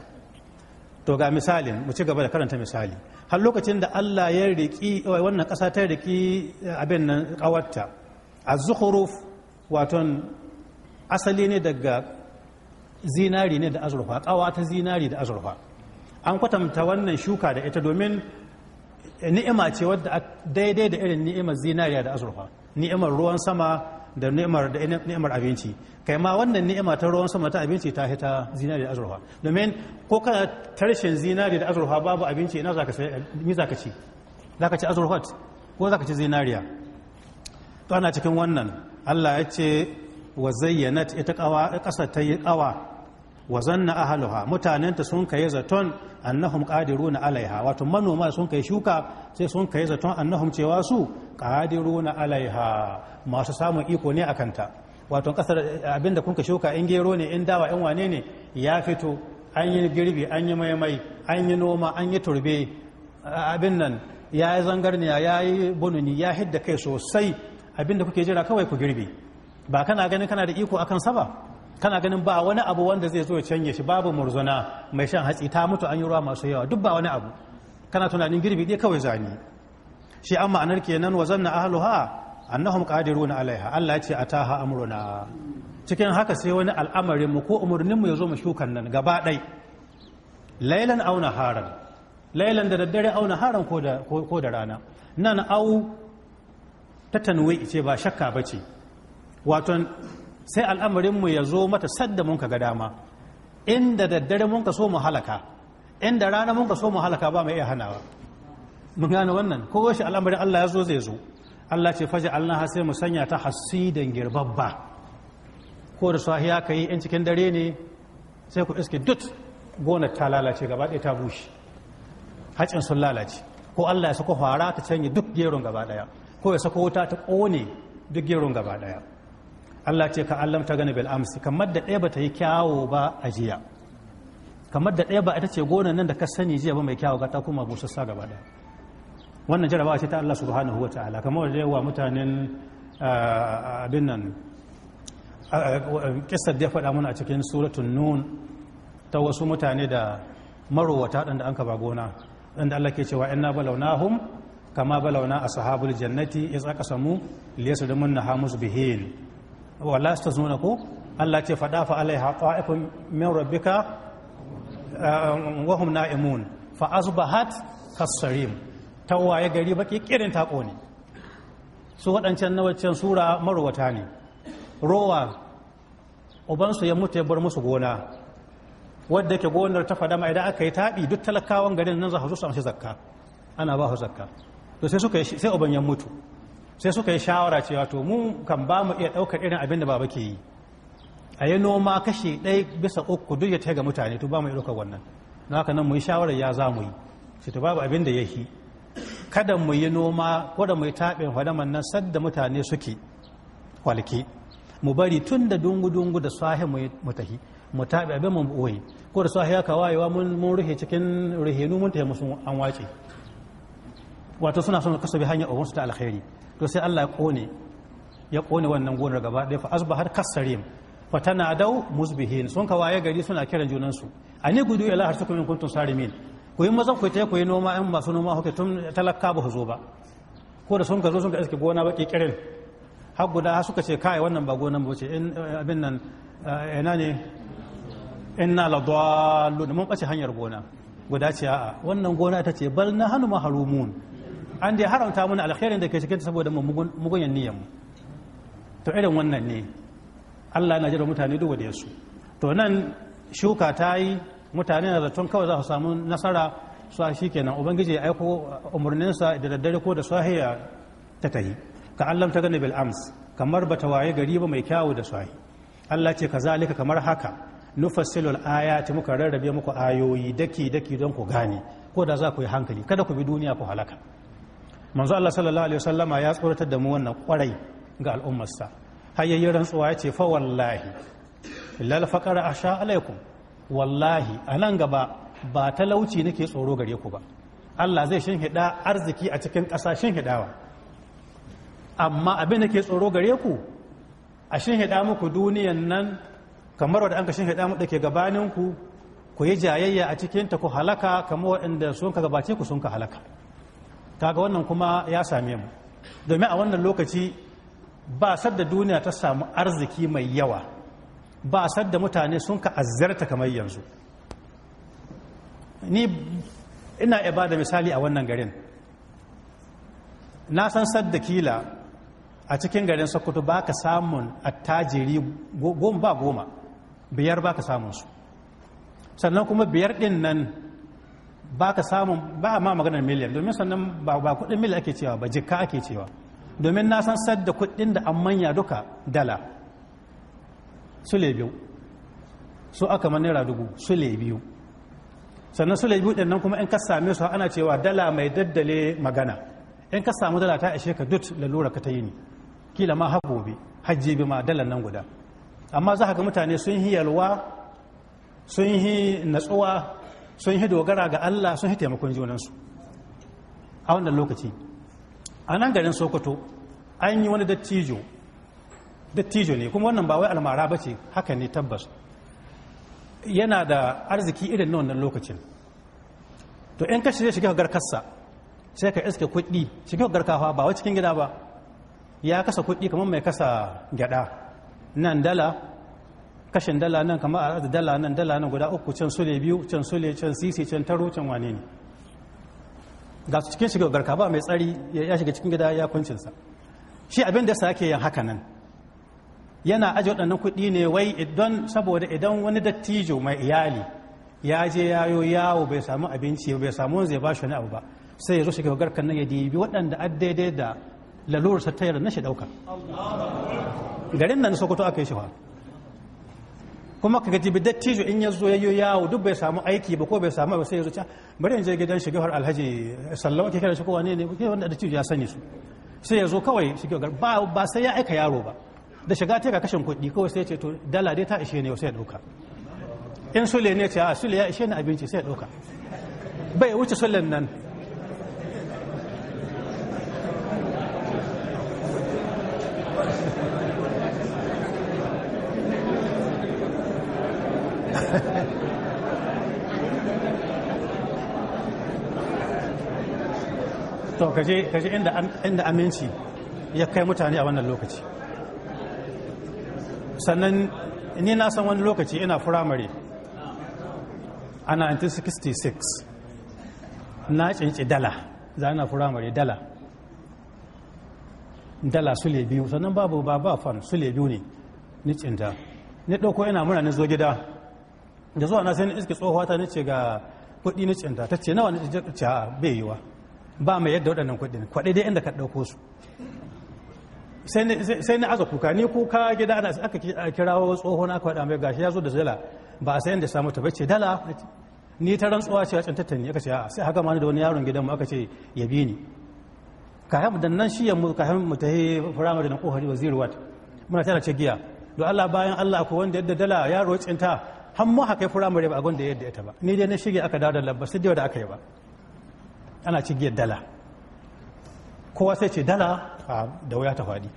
to ga misalin mu ci gaba da karanta misali har lokacin da Allah ya riki wannan ƙasa ta riki eh, abin nan ƙawarta az-zukhruf waton asali ne daga zinari ne da azurfa ƙawa ta zinari da azurfa an kwatanta wannan shuka da ita domin ni'ima ce wadda daidai da irin ni'imar zinariya da azurfa ni'imar ruwan sama da ni'imar da ni'imar abinci kai ma wannan ni'ima ta ruwan sama ta abinci ta hita zinari da azurfa domin ko kana tarshen zinari da azurfa babu abinci ina zaka sai mi zaka ci zaka ci azurfa ko zaka ci zinariya to ana cikin wannan Allah ya ce wa zayyanat ita kawa kasar ta yi kawa wa zanna ahaluha mutanenta sun kai zaton annahum qadiruna alaiha wato manoma sun kai shuka sai sun kai zaton annahum cewa su qadiruna alaiha masu samun iko ne akan ta wato kasar abinda kun ka shuka in gero ne in dawa in wane ne ya fito an yi girbi an yi maimai an yi noma an yi turbe abin nan ya yi zangarniya ya yi bununi ya hidda kai sosai abinda kuke jira kawai ku girbi ba kana ganin kana da iko akan sa ba kana ganin ba wani abu wanda zai zo ya canje shi babu murzuna mai shan hatsi ta mutu an yi ruwa masu yawa duk ba wani abu kana tunanin girbi dai kawai zane. shi an ma'anar kenan wa zanna ahluha annahum na alaiha Allah ya ce ataha amruna cikin haka sai wani al'amarin mu ko umurnin mu zo mu shukan nan gaba ɗai lailan aw naharan lailan da daddare auna naharan ko da rana nan au ta tanwi ce ba shakka bace waton sai al'amarinmu ya zo mata sadda mun ka ga dama inda daddare mun ka so mu halaka inda rana mun ka so mu halaka ba mai iya hanawa mun gane wannan ko shi al'amarin Allah ya zo zai zo Allah ce faja Allah sai mu sanya ta hasidan girbabba ko da sahi ka yi in cikin dare ne sai ku iske dut gona ta lalace gaba ɗaya ta bushe hacin sun lalace ko Allah ya sako fara ta canye duk geron gaba ɗaya ko ya sako wuta ta ƙone duk geron gaba ɗaya Allah ce ka allam ta gani bil amsi kamar da ɗaya ba ta yi kyawo ba a jiya kamar da ɗaya ba ita ce gonan nan da ka sani jiya ba mai kyawo ga ta kuma busassa gaba ɗaya wannan jarabawa ce ta Allah subhanahu wa ta'ala kamar da yawa mutanen abin nan kisar da ya faɗa mana a cikin suratun nun ta wasu mutane da marowata ɗan da an ka ba gona ɗan da Allah ke cewa inna balawnahum kama balauna ashabul jannati iz aqsamu liyasdumunna hamus bihin wala nuna ku Allah ce fada fa alai alaiha qa'ifun min rabbika uh, wa hum na'imun fa asbahat kasarim tawaye gari baki kirin ta kone su waɗancan na sura marwata ne rowa ubansu ya mutu ya bar musu gona wadda ke gonar ta fadama idan aka yi taɓi duk talakawan garin nan za su amshi zakka ana ba su zakka to sai suka sai uban ya mutu sai suka yi shawara cewa to mu kan ba mu iya ɗaukar irin abin da baba ke yi a yi noma kashe ɗaya bisa uku duk ya ta ga mutane to ba mu iya ɗaukar wannan na haka nan mu yi shawarar ya za mu yi sai to babu abin da ya yi kada mu yi noma ko da mu yi taɓin hwadaman nan sadda mutane suke kwalke mu bari tun da dungu-dungu da sahi mu tahi mu taɓi abin mu ɓoye ko da sahi ya wa mun ruhe cikin ruhenu mun tahi musu an wace wato suna son kasabi hanyar obin su ta alkhairi to sai Allah ya kone ya kone wannan gonar gaba ɗaya fa asba har kasarim fa dau musbihin sun ka waye gari suna kiran junansu ani gudu ila har suka kuntum sarimin ku yi maza ku ta ku yi noma in masu noma kuke tun talaka ba zo ba ko da sun ka zo sun ka iske gona baki kirin har guda suka ce kai wannan ba gonan ba ce in abin nan eh, ina ne inna la mun bace hanyar gona guda ce a'a wannan gona ta ce bal na hanu maharumun an dai haramta mana alkhairin da ke cikin ta saboda mugunyan niyyar mu to irin wannan ne Allah yana jira mutane duk da su to nan shuka ta yi mutane na zaton kawai za su samu nasara su a shi kenan ubangiji ya aiko umarninsa da daddare ko da swahiya ta tahi ka Allah ta gani bil ams kamar bata waye gari ba mai kyawu da swahi Allah ce kazalika kamar haka nufassilul ayati muka rarrabe muku ayoyi daki daki don ku gane ko da za ku yi hankali kada ku bi duniya ku halaka manzo Allah sallallahu alaihi wasallama ya tsoratar da mu wannan kwarai ga al'ummarsa har yayin rantsuwa ya ce fa wallahi lal faqara asha alaikum wallahi a nan gaba ba talauci nake tsoro gare ku ba Allah zai shinhiɗa arziki a cikin ƙasa shinhiɗawa amma abin da ke tsoro gare ku a shinhiɗa muku duniyan nan kamar wadda an ka shinhiɗa muku da ke gabaninku ku yi jayayya a cikinta ku halaka kamar waɗanda sun ka gabace ku sun ka halaka kaga wannan kuma ya same mu domin a wannan lokaci ba sadda duniya ta samu arziki mai yawa ba sadda mutane sun ka azzarta kamar yanzu ni ina iya da misali a wannan garin na san sadda kila a cikin garin sokoto ba ka samun attajiri goma ba goma biyar ba ka samunsu sannan kuma biyar ɗin nan ba ka samun ba ma maganar miliyan domin sannan ba kuɗin miliyan ake cewa ba jikka ake cewa domin na san sadda kuɗin da an manya duka dala sule biyu su aka man naira dubu sule biyu sannan sule biyu ɗin nan kuma in ka same su ana cewa dala mai daddale magana in ka samu dala ta ishe ka dut lalura ka ta yi ni kila ma hagobi hajji bi ma dalan nan guda amma za ka ga mutane sun yi yalwa sun yi natsuwa sun yi dogara ga Allah sun yi taimakon junansu a wannan lokaci a nan garin sokoto an yi wani dattijo dattijo ne kuma wannan ba wai almara ba ce haka ne tabbas yana da arziki irin na wannan lokacin to in kashe shi shiga garkarsa sai ka iske kuɗi shiga garkawa ba wai cikin gida ba ya kasa kuɗi kamar mai kasa gyada nan dala kashin dala nan kamar a dala nan dala nan guda uku can sule biyu can sule can sisi can taro can wane ne ga su cikin shiga garka ba mai tsari ya shiga cikin gida ya kuncinsa shi abin da sake yin haka nan yana aji waɗannan kuɗi ne wai idan saboda idan wani dattijo mai iyali ya je yayo yawo bai samu abinci bai samu wanda zai ba shi abu ba sai ya zo shiga garkan nan ya dibi waɗanda a daidai da lalurarsa ta yarda na shi ɗauka garin nan sokoto aka yi shi fa kuma ka gaji dattijo in ya zo ya yi yawo duk bai samu aiki ba ko bai samu ba sai ya zo can ah, bari je gidan shigewar alhaji sallama ke kira shi kowa ne ne ke wanda dattijo ya sani su sai ya zo kawai shigar ba ba sai ya aika yaro ba da shiga ta kashin kuɗi kawai sai ya ce to dala dai ta ishe ne sai ya ɗauka in sule ne ce a ah, sule ya ishe ni abinci sai ya ɗauka bai wuce sulen nan to kaje kaje inda aminci ya kai mutane a wannan lokaci sannan ni na san wani lokaci ina firamare a 1966 na cinci dala za na firamare dala dala sule biyu sannan babu ba ba fan sule biyu ne ni cinta ni ɗauko ina mura ni zo gida da zuwa na sai ni iske tsohuwa ta ni ce ga kuɗi ni cinta ta ce nawa ni ce a bai yiwa ba mai yadda waɗannan ne kwaɗe dai inda ka ɗauko su sai na aza kuka ni kuka gida ana aka kirawo tsohon aka waɗa mai gashi ya zo da zala ba a sayan da samu ta bace dala ni ta rantsuwa cewa can tattani aka ce a sai haka mani da wani yaron gidanmu aka ce ya bi ni kayan mu nan shi yammu kayan mu ta firamare na kohari waziri wat muna tana ce giya don allah bayan allah ko wanda yadda dala yaro tsinta har mu haka firamare ba a gwanda yadda ita ba ni dai na shige aka dawo da labbar sai da aka yi ba ana cigiyar dala kowa sai ce dala a da wuya ta faɗi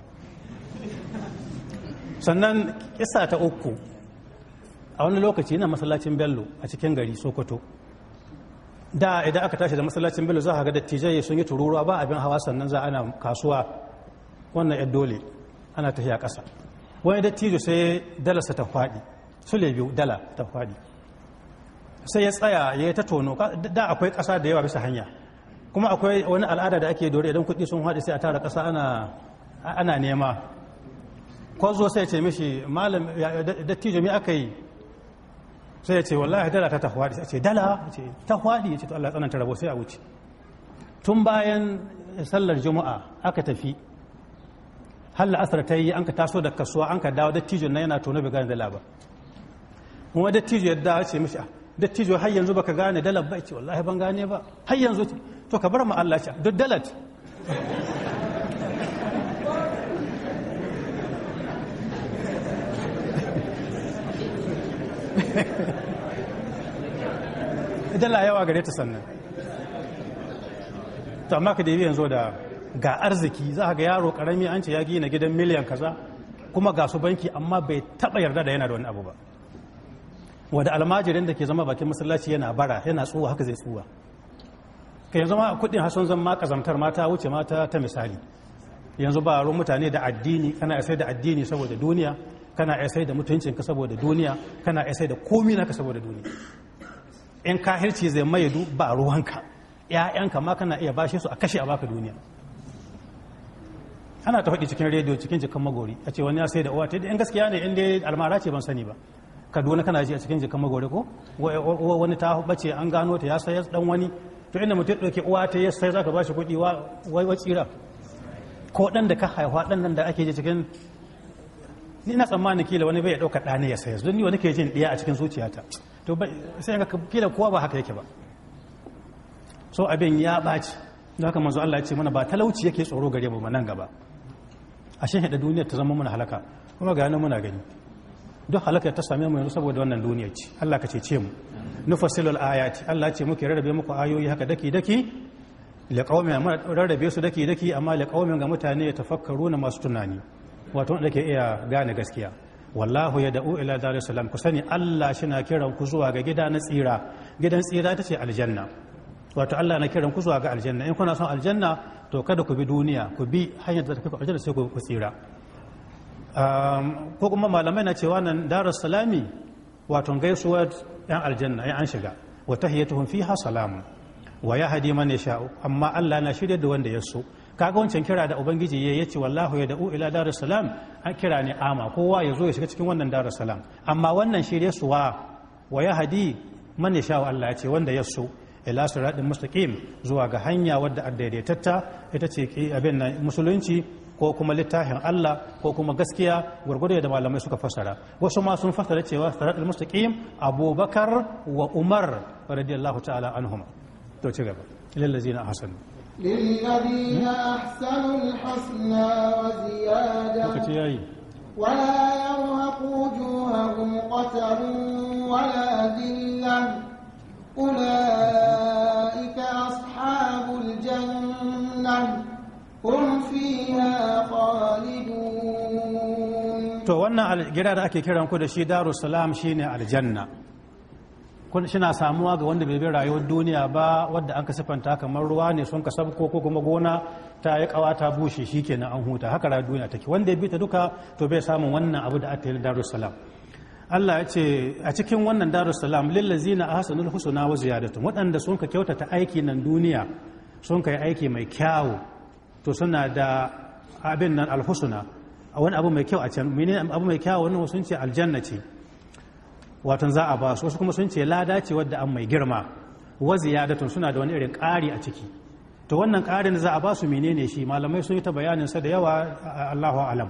sannan kisa ta uku a wani lokaci yana masallacin bello a cikin gari sokoto da idan aka tashi da masallacin bello za a ga dattijai sun yi tururuwa ba abin hawa sannan za ana kasuwa wannan yan dole ana tafiya ƙasa wani dattijo sai dalarsa ta faɗi sule biyu dala ta faɗi sai ya tsaya ya yi ta tono da akwai ƙasa da yawa bisa hanya kuma akwai wani al'ada da ake dore idan kuɗi sun haɗe sai a tara ƙasa ana nema kwazo sai ce mishi malam dattijo me aka yi sai ya ce wallahi dala ta tahwadi sai ce dala ta hwadi ya ce to Allah tsananta rabo sai a wuce tun bayan sallar juma'a aka tafi har asar ta yi an ka taso da kasuwa an ka dawo dattijon na yana tono bai gane dala ba kuma dattijo ya dawo ce mishi ah, dattijo har yanzu baka gane dala ba ce wallahi ban gane ba har yanzu to ka bar ma Allah shi daddalat la yawa gare ta sannan to amma ka dabi yanzu da ga arziki za ga yaro karami an ce ya gina gidan miliyan kaza kuma ga su banki amma bai taba yarda da yana da wani abu ba wanda almajirin da ke zama bakin masallaci yana bara yana tsuwa haka zai tsuwa ka yanzu ma kudin hasun zan ma kazamtar mata wuce mata ta misali yanzu ba ruwan mutane da addini kana isai da addini saboda duniya kana isai da mutuncinka saboda duniya kana isai da komi naka saboda duniya in kahirci zai maidu ba ruwanka ‘ya'yanka ma kana iya bashe su a kashe a baka duniya ana ta faɗi cikin rediyo cikin jikan magori a ce wani ya sai da uwa ta yi yan gaskiya ne inda almara ce ban sani ba kaduna kana ji a cikin jikan magori ko wani ta bace an gano ta ya sayar dan wani to inda mutum ɗauki uwa ta yi sai za ka ba shi kuɗi wai tsira ko ɗan da ka haihuwa ɗan nan da ake ji cikin ni na tsammanin kila wani bai ɗauka ɗa ne ya sayar don ni wani ke jin ɗiya a cikin zuciyata to sai ga kila kowa ba haka yake ba so abin ya ɓaci don haka manzo Allah ya ce mana ba talauci yake tsoro gare mu nan gaba a shehe da duniya ta zama muna halaka kuma ga nan muna gani duk halakar ta same mu yanzu saboda wannan duniya ce Allah ka cece mu nufasilul ayati Allah ce muke rarrabe muku ayoyi haka daki daki li qaumin amma rarrabe su daki daki amma li qaumin ga mutane ya tafakkaruna masu tunani wato wanda ke iya gane gaskiya wallahu ya da'u ila dalil salam ku sani Allah shi na kiran ku zuwa ga gida na tsira gidan tsira ta ce aljanna wato Allah na kiran ku zuwa ga aljanna in kuna son aljanna to kada ku bi duniya ku bi hanyar da ta fi aljanna sai ku tsira ko kuma malamai na cewa nan darus salami wato gaisuwar yan aljanna yan an shiga wa tahiyatuhum fiha salamun wa yahdi man yasha amma Allah na shirya da wanda ya kaga wancan kira da ubangiji ya yace wallahu ya da'u ila darus salam an kira ne ama kowa yazo ya shiga cikin wannan darus salam amma wannan shirye suwa wa yahdi man yasha Allah ya ce wanda yaso so ila siratin mustaqim zuwa ga hanya wadda addaidaitatta ita ce abin musulunci ko kuma littafin Allah ko kuma gaskiya gwargwado da malamai suka fassara wasu ma sun fassara cewa siratul mustaqim Abubakar wa Umar radiyallahu ta'ala anhum to ci gaba lil lillazina ahsanu للذين أحسنوا الحسنى yayi ولا يرهق وجوههم قتر ولا ذلة أولئك أصحاب الجنة هم فيها خالدون to wannan gida da ake kiran ku da shi daru salam shine aljanna kun shina samuwa ga wanda bai bi rayuwar duniya ba wadda an ka sifanta kamar ruwa ne sun ka sabko ko kuma gona ta yi kawa ta bushe shikenan an huta haka rayuwar duniya take wanda ya bi ta duka to bai samun wannan abu da ake daru salam Allah ya ce a cikin wannan darussalam lillazina ahsanul husna wa ziyadatu waɗanda sun ka kyautata aiki nan duniya sun ka yi aiki mai kyawu to suna da abin nan alhusuna a wani abu mai kyau a can mene abu mai kyau wani sun ce aljanna ce watan za a ba su wasu kuma sun ce lada ce wadda an mai girma wa tun suna da wani irin ƙari a ciki to wannan ƙarin za a ba su menene shi malamai sun yi ta bayanin sa da yawa Allahu alam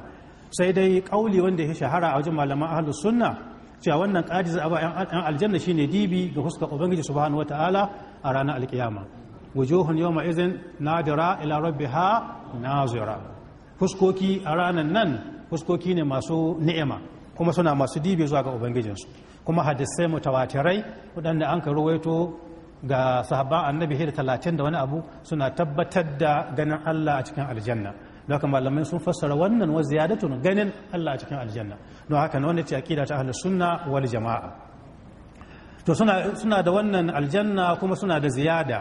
sai dai kauli wanda ya shahara a wajen malaman ahlus sunna cewa wannan ƙari za a ba 'yan aljanna shine dibi ga huskar ubangiji subhanahu wataala a ranar alkiyama wujuhun yawma izin nadira ila rabbiha nazira fuskoki a ranan nan fuskoki ne masu ni'ima kuma suna masu dibe zuwa ga ubangijinsu kuma hadisai mutawatirai waɗanda an ka ruwaito ga sahabban annabi da talatin da wani abu suna tabbatar da ganin Allah a cikin aljanna haka malamai sun fassara wannan wa ziyadatun ganin Allah a cikin aljanna don haka na wanda ce akida ta ahlus sunna wal jama'a to suna da wannan aljanna kuma suna da ziyada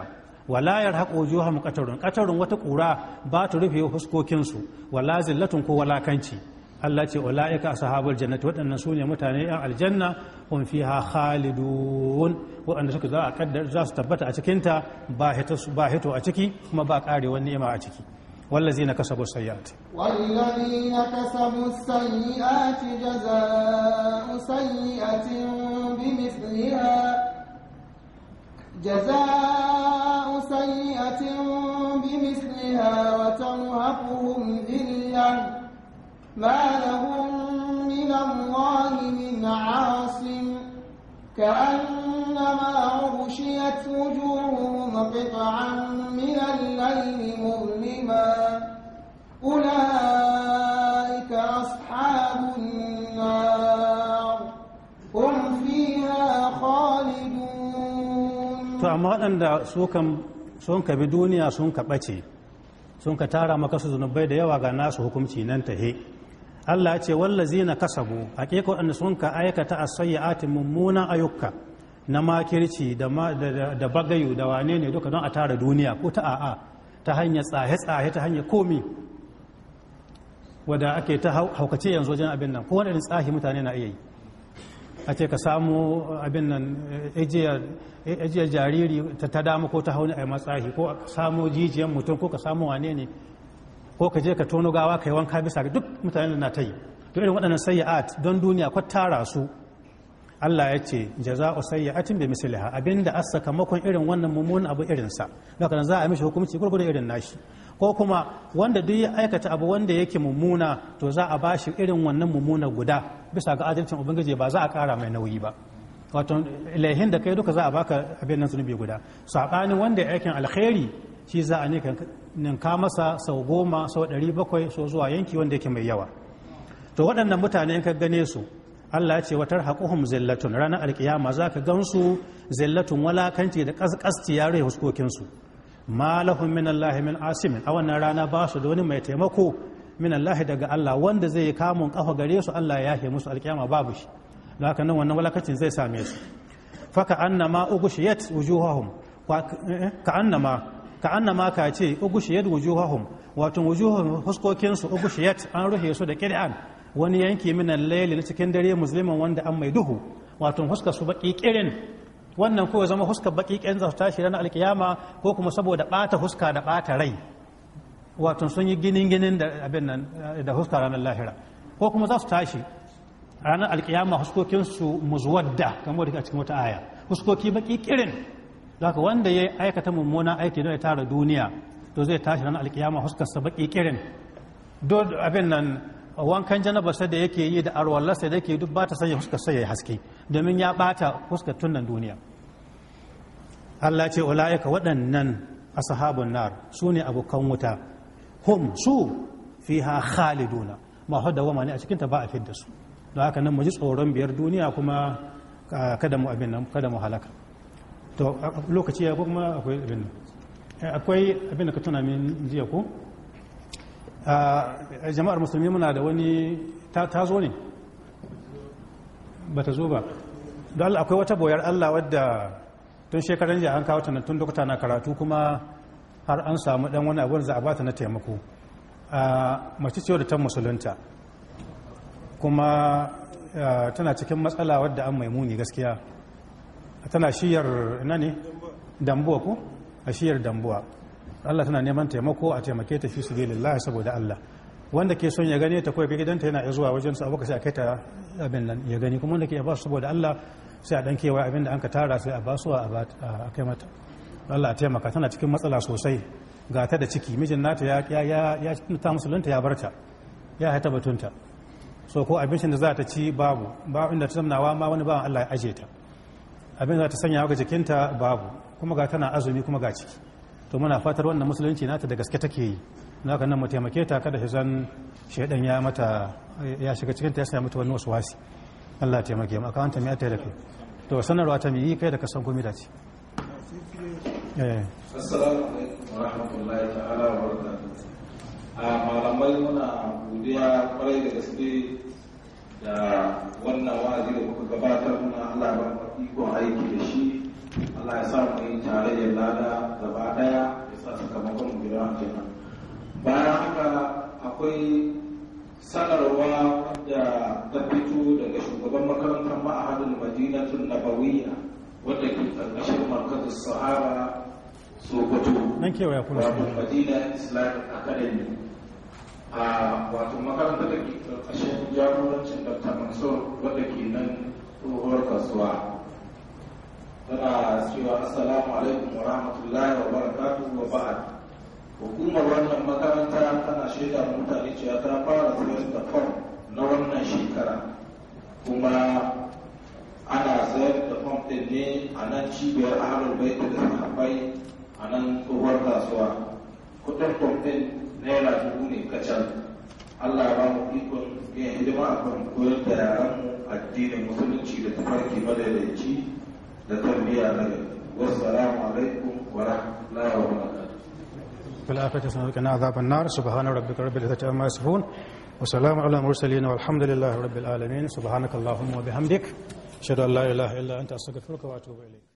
wala yarhaqu wujuhahum qatarun qatarun wata kura ba ta rufe huskokin su wala zillatun ko walakanci Allah ce ulaika ashabul jannati waɗannan sune mutane yan aljanna hum fiha khalidun waɗanda suka za a kaddar za su tabbata a cikin ta ba hito ba hito a ciki kuma ba karewar ni'ima a ciki والذين كسبوا السيئات والذين كسبوا السيئات جزاء سيئة بمثلها جزاء سيئة بمثلها وترهقهم ذلة ما لهم من الله من عاصم كأنما أغشيت وجوههم قطعا من الليل مظلما أولئك amma waɗanda sun ka bi duniya sun ka ɓace sun ka tara maka su zunubai da yawa ga nasu hukumci nan ta he Allah ce wallazi na kasabu ƙeƙo waɗanda sun ka aikata a ati mummunan ayyuka na makirci da bagayu da wane ne duka don a tara duniya ko ta a'a ta hanyar tsahe-tsahe ta hanyar komi wadda ake ta haukace yanzu wajen abin nan ko wani tsahi mutane na iya yi a ce ka samu abin nan eh, eh, ajiyar jariri ta dama ko ta hauni a matsahi ko ka samu jijiyar mutum ko ka samu wane ne ko ka je ka tono gawa ka yi wanka bisa ga duk mutane da na ta yi to irin waɗannan sayya'at don duniya ko tara su Allah ya ce jaza'u sayyi'atin bi misliha abinda asaka sakamakon irin wannan mummunan abu irinsa sa za a mishi hukunci gurgurdan irin nashi ko kuma wanda duk ya aikata abu wanda yake mummuna to za a bashi irin wannan mummuna guda bisa ga adalcin ubangiji ba za a kara mai nauyi ba wato laihin da kai duka za a baka abin nan zunubi guda saɓanin wanda ya aikin alkhairi shi za a ninka masa sau goma sau ɗari bakwai sau zuwa yanki wanda yake mai yawa to waɗannan mutane ka gane su Allah ya ce watar haƙuhum zillatun ranar alkiyama za ka gansu zillatun walakanci da ƙasƙasci ya rai huskokinsu ma lahum min Allah min asimin a wannan rana ba su da wani mai taimako min Allah daga Allah wanda zai kamun kafa gare su Allah ya yahe musu alkiyama babu shi da haka nan wannan walakacin zai same su faka annama ugushiyat wujuhahum eh, ka annama ka annama ka ce ugushiyat wujuhahum wato wujuhahum huskokin su ugushiyat an ruhe su da qir'an wani yanki min al na cikin dare musliman wanda an mai duhu wato huska su baki kirin wannan ko zama huskar baki ƙyan za su tashi ranar alkiyama ko kuma saboda ɓata huska da ɓata rai wato sun yi ginin ginin da abin nan da huska ranar lahira ko kuma za su tashi ranar alkiyama huskokinsu muzwadda kamar da cikin wata aya huskoki baki kirin zaka wanda ya aikata mummunan aiki don ya tara duniya to zai tashi ranar alkiyama huskarsa baki kirin abin nan wankan sai da yake yi da sai da yake duk ba ta sanya fuskar sai ya yi haske domin ya bata fuskar tunan duniya Allah ce ula'ika waɗannan ashabun nar su ne abokan wuta hum su fiha khaliduna ma hada wa ne a cikin ta ba a fidda su don haka nan mu ji tsoron biyar duniya kuma kada mu abin nan kada mu halaka to lokaci ya kuma akwai abin eh, akwai abin da ka tuna min jiya ko A jama'ar musulmi muna da wani ta zo ne ba ta zo ba don Allah akwai wata boyar Allah wadda tun shekaran jiya an kawo ta tun dokta na karatu kuma har an samu dan wani abu da za bata na taimako mace ce da ta musulunta kuma tana cikin matsala wadda an maimuni gaskiya tana shiyar na ne dambuwa ko a shiyar dambuwa Allah tana neman taimako a taimake ta fi su lillahi saboda Allah wanda ke son ya gane ta ko ga gidanta yana zuwa wajen su abuka a kai ta abin nan ya gani kuma wanda ke ba su saboda Allah sai a dan kewa abin da an ka tara sai a ba a kai mata Allah taimaka tana cikin matsala sosai ga ta da ciki mijin nata ya ya ya ta musulunta ya barta ya haita batunta so ko abincin da za ta ci babu babu inda ta zamnawa ma wani bawan Allah ya aje ta abin za ta sanya ga jikinta babu kuma ga tana azumi kuma ga ciki to muna fatar wannan musulunci nata da gaske take yi na kan nan mu taimake ta kada shi zan shaidan ya mata ya shiga cikin ta ya sami mata wani wasu wasi Allah taimake mu akawanta mai ta da to sanarwa ta mi kai da kasan gomi da ce eh assalamu alaikum wa rahmatullahi ta'ala wa barakatuh a ah, malamai muna godiya kwarai da gaske da wannan wa'azi da kuka gabatar muna Allah ba ikon aiki da shi Allah ya sa mu yi tarayyar lada gaba daya ya sa sakamakon mu gidan kenan bayan haka akwai sanarwa da ta fito daga shugaban makarantar ma'ahadin madinatun nabawiyya wadda ke karkashin markazin sahara sokoto nan kewaya kula wato madina islamic academy a wato makarantar da ke ƙarƙashin jagorancin dr mansur wadda ke nan tsohuwar kasuwa tana cewa assalamu alaikum wa rahmatullahi wa barakatuhu wa ba'ad hukumar wannan makaranta tana shaida mutane cewa ta fara sayar da fom na wannan shekara kuma ana sayar da fom din ne a nan cibiyar ahlul baiti da sahabbai a nan tsohuwar kasuwa kudin fom din naira dubu ne kacal Allah ba mu ikon yin hidima a kan koyar da yaran mu addinin musulunci da tafarki madaidaici لتنبيه عليه والسلام عليكم ورحمة الله وبركاته بالآخرة سنذكرنا عذاب النار سبحان ربك رب العزة عما يصفون وسلام على المرسلين والحمد لله رب العالمين سبحانك اللهم وبحمدك أشهد أن لا إله إلا أنت أستغفرك وأتوب إليك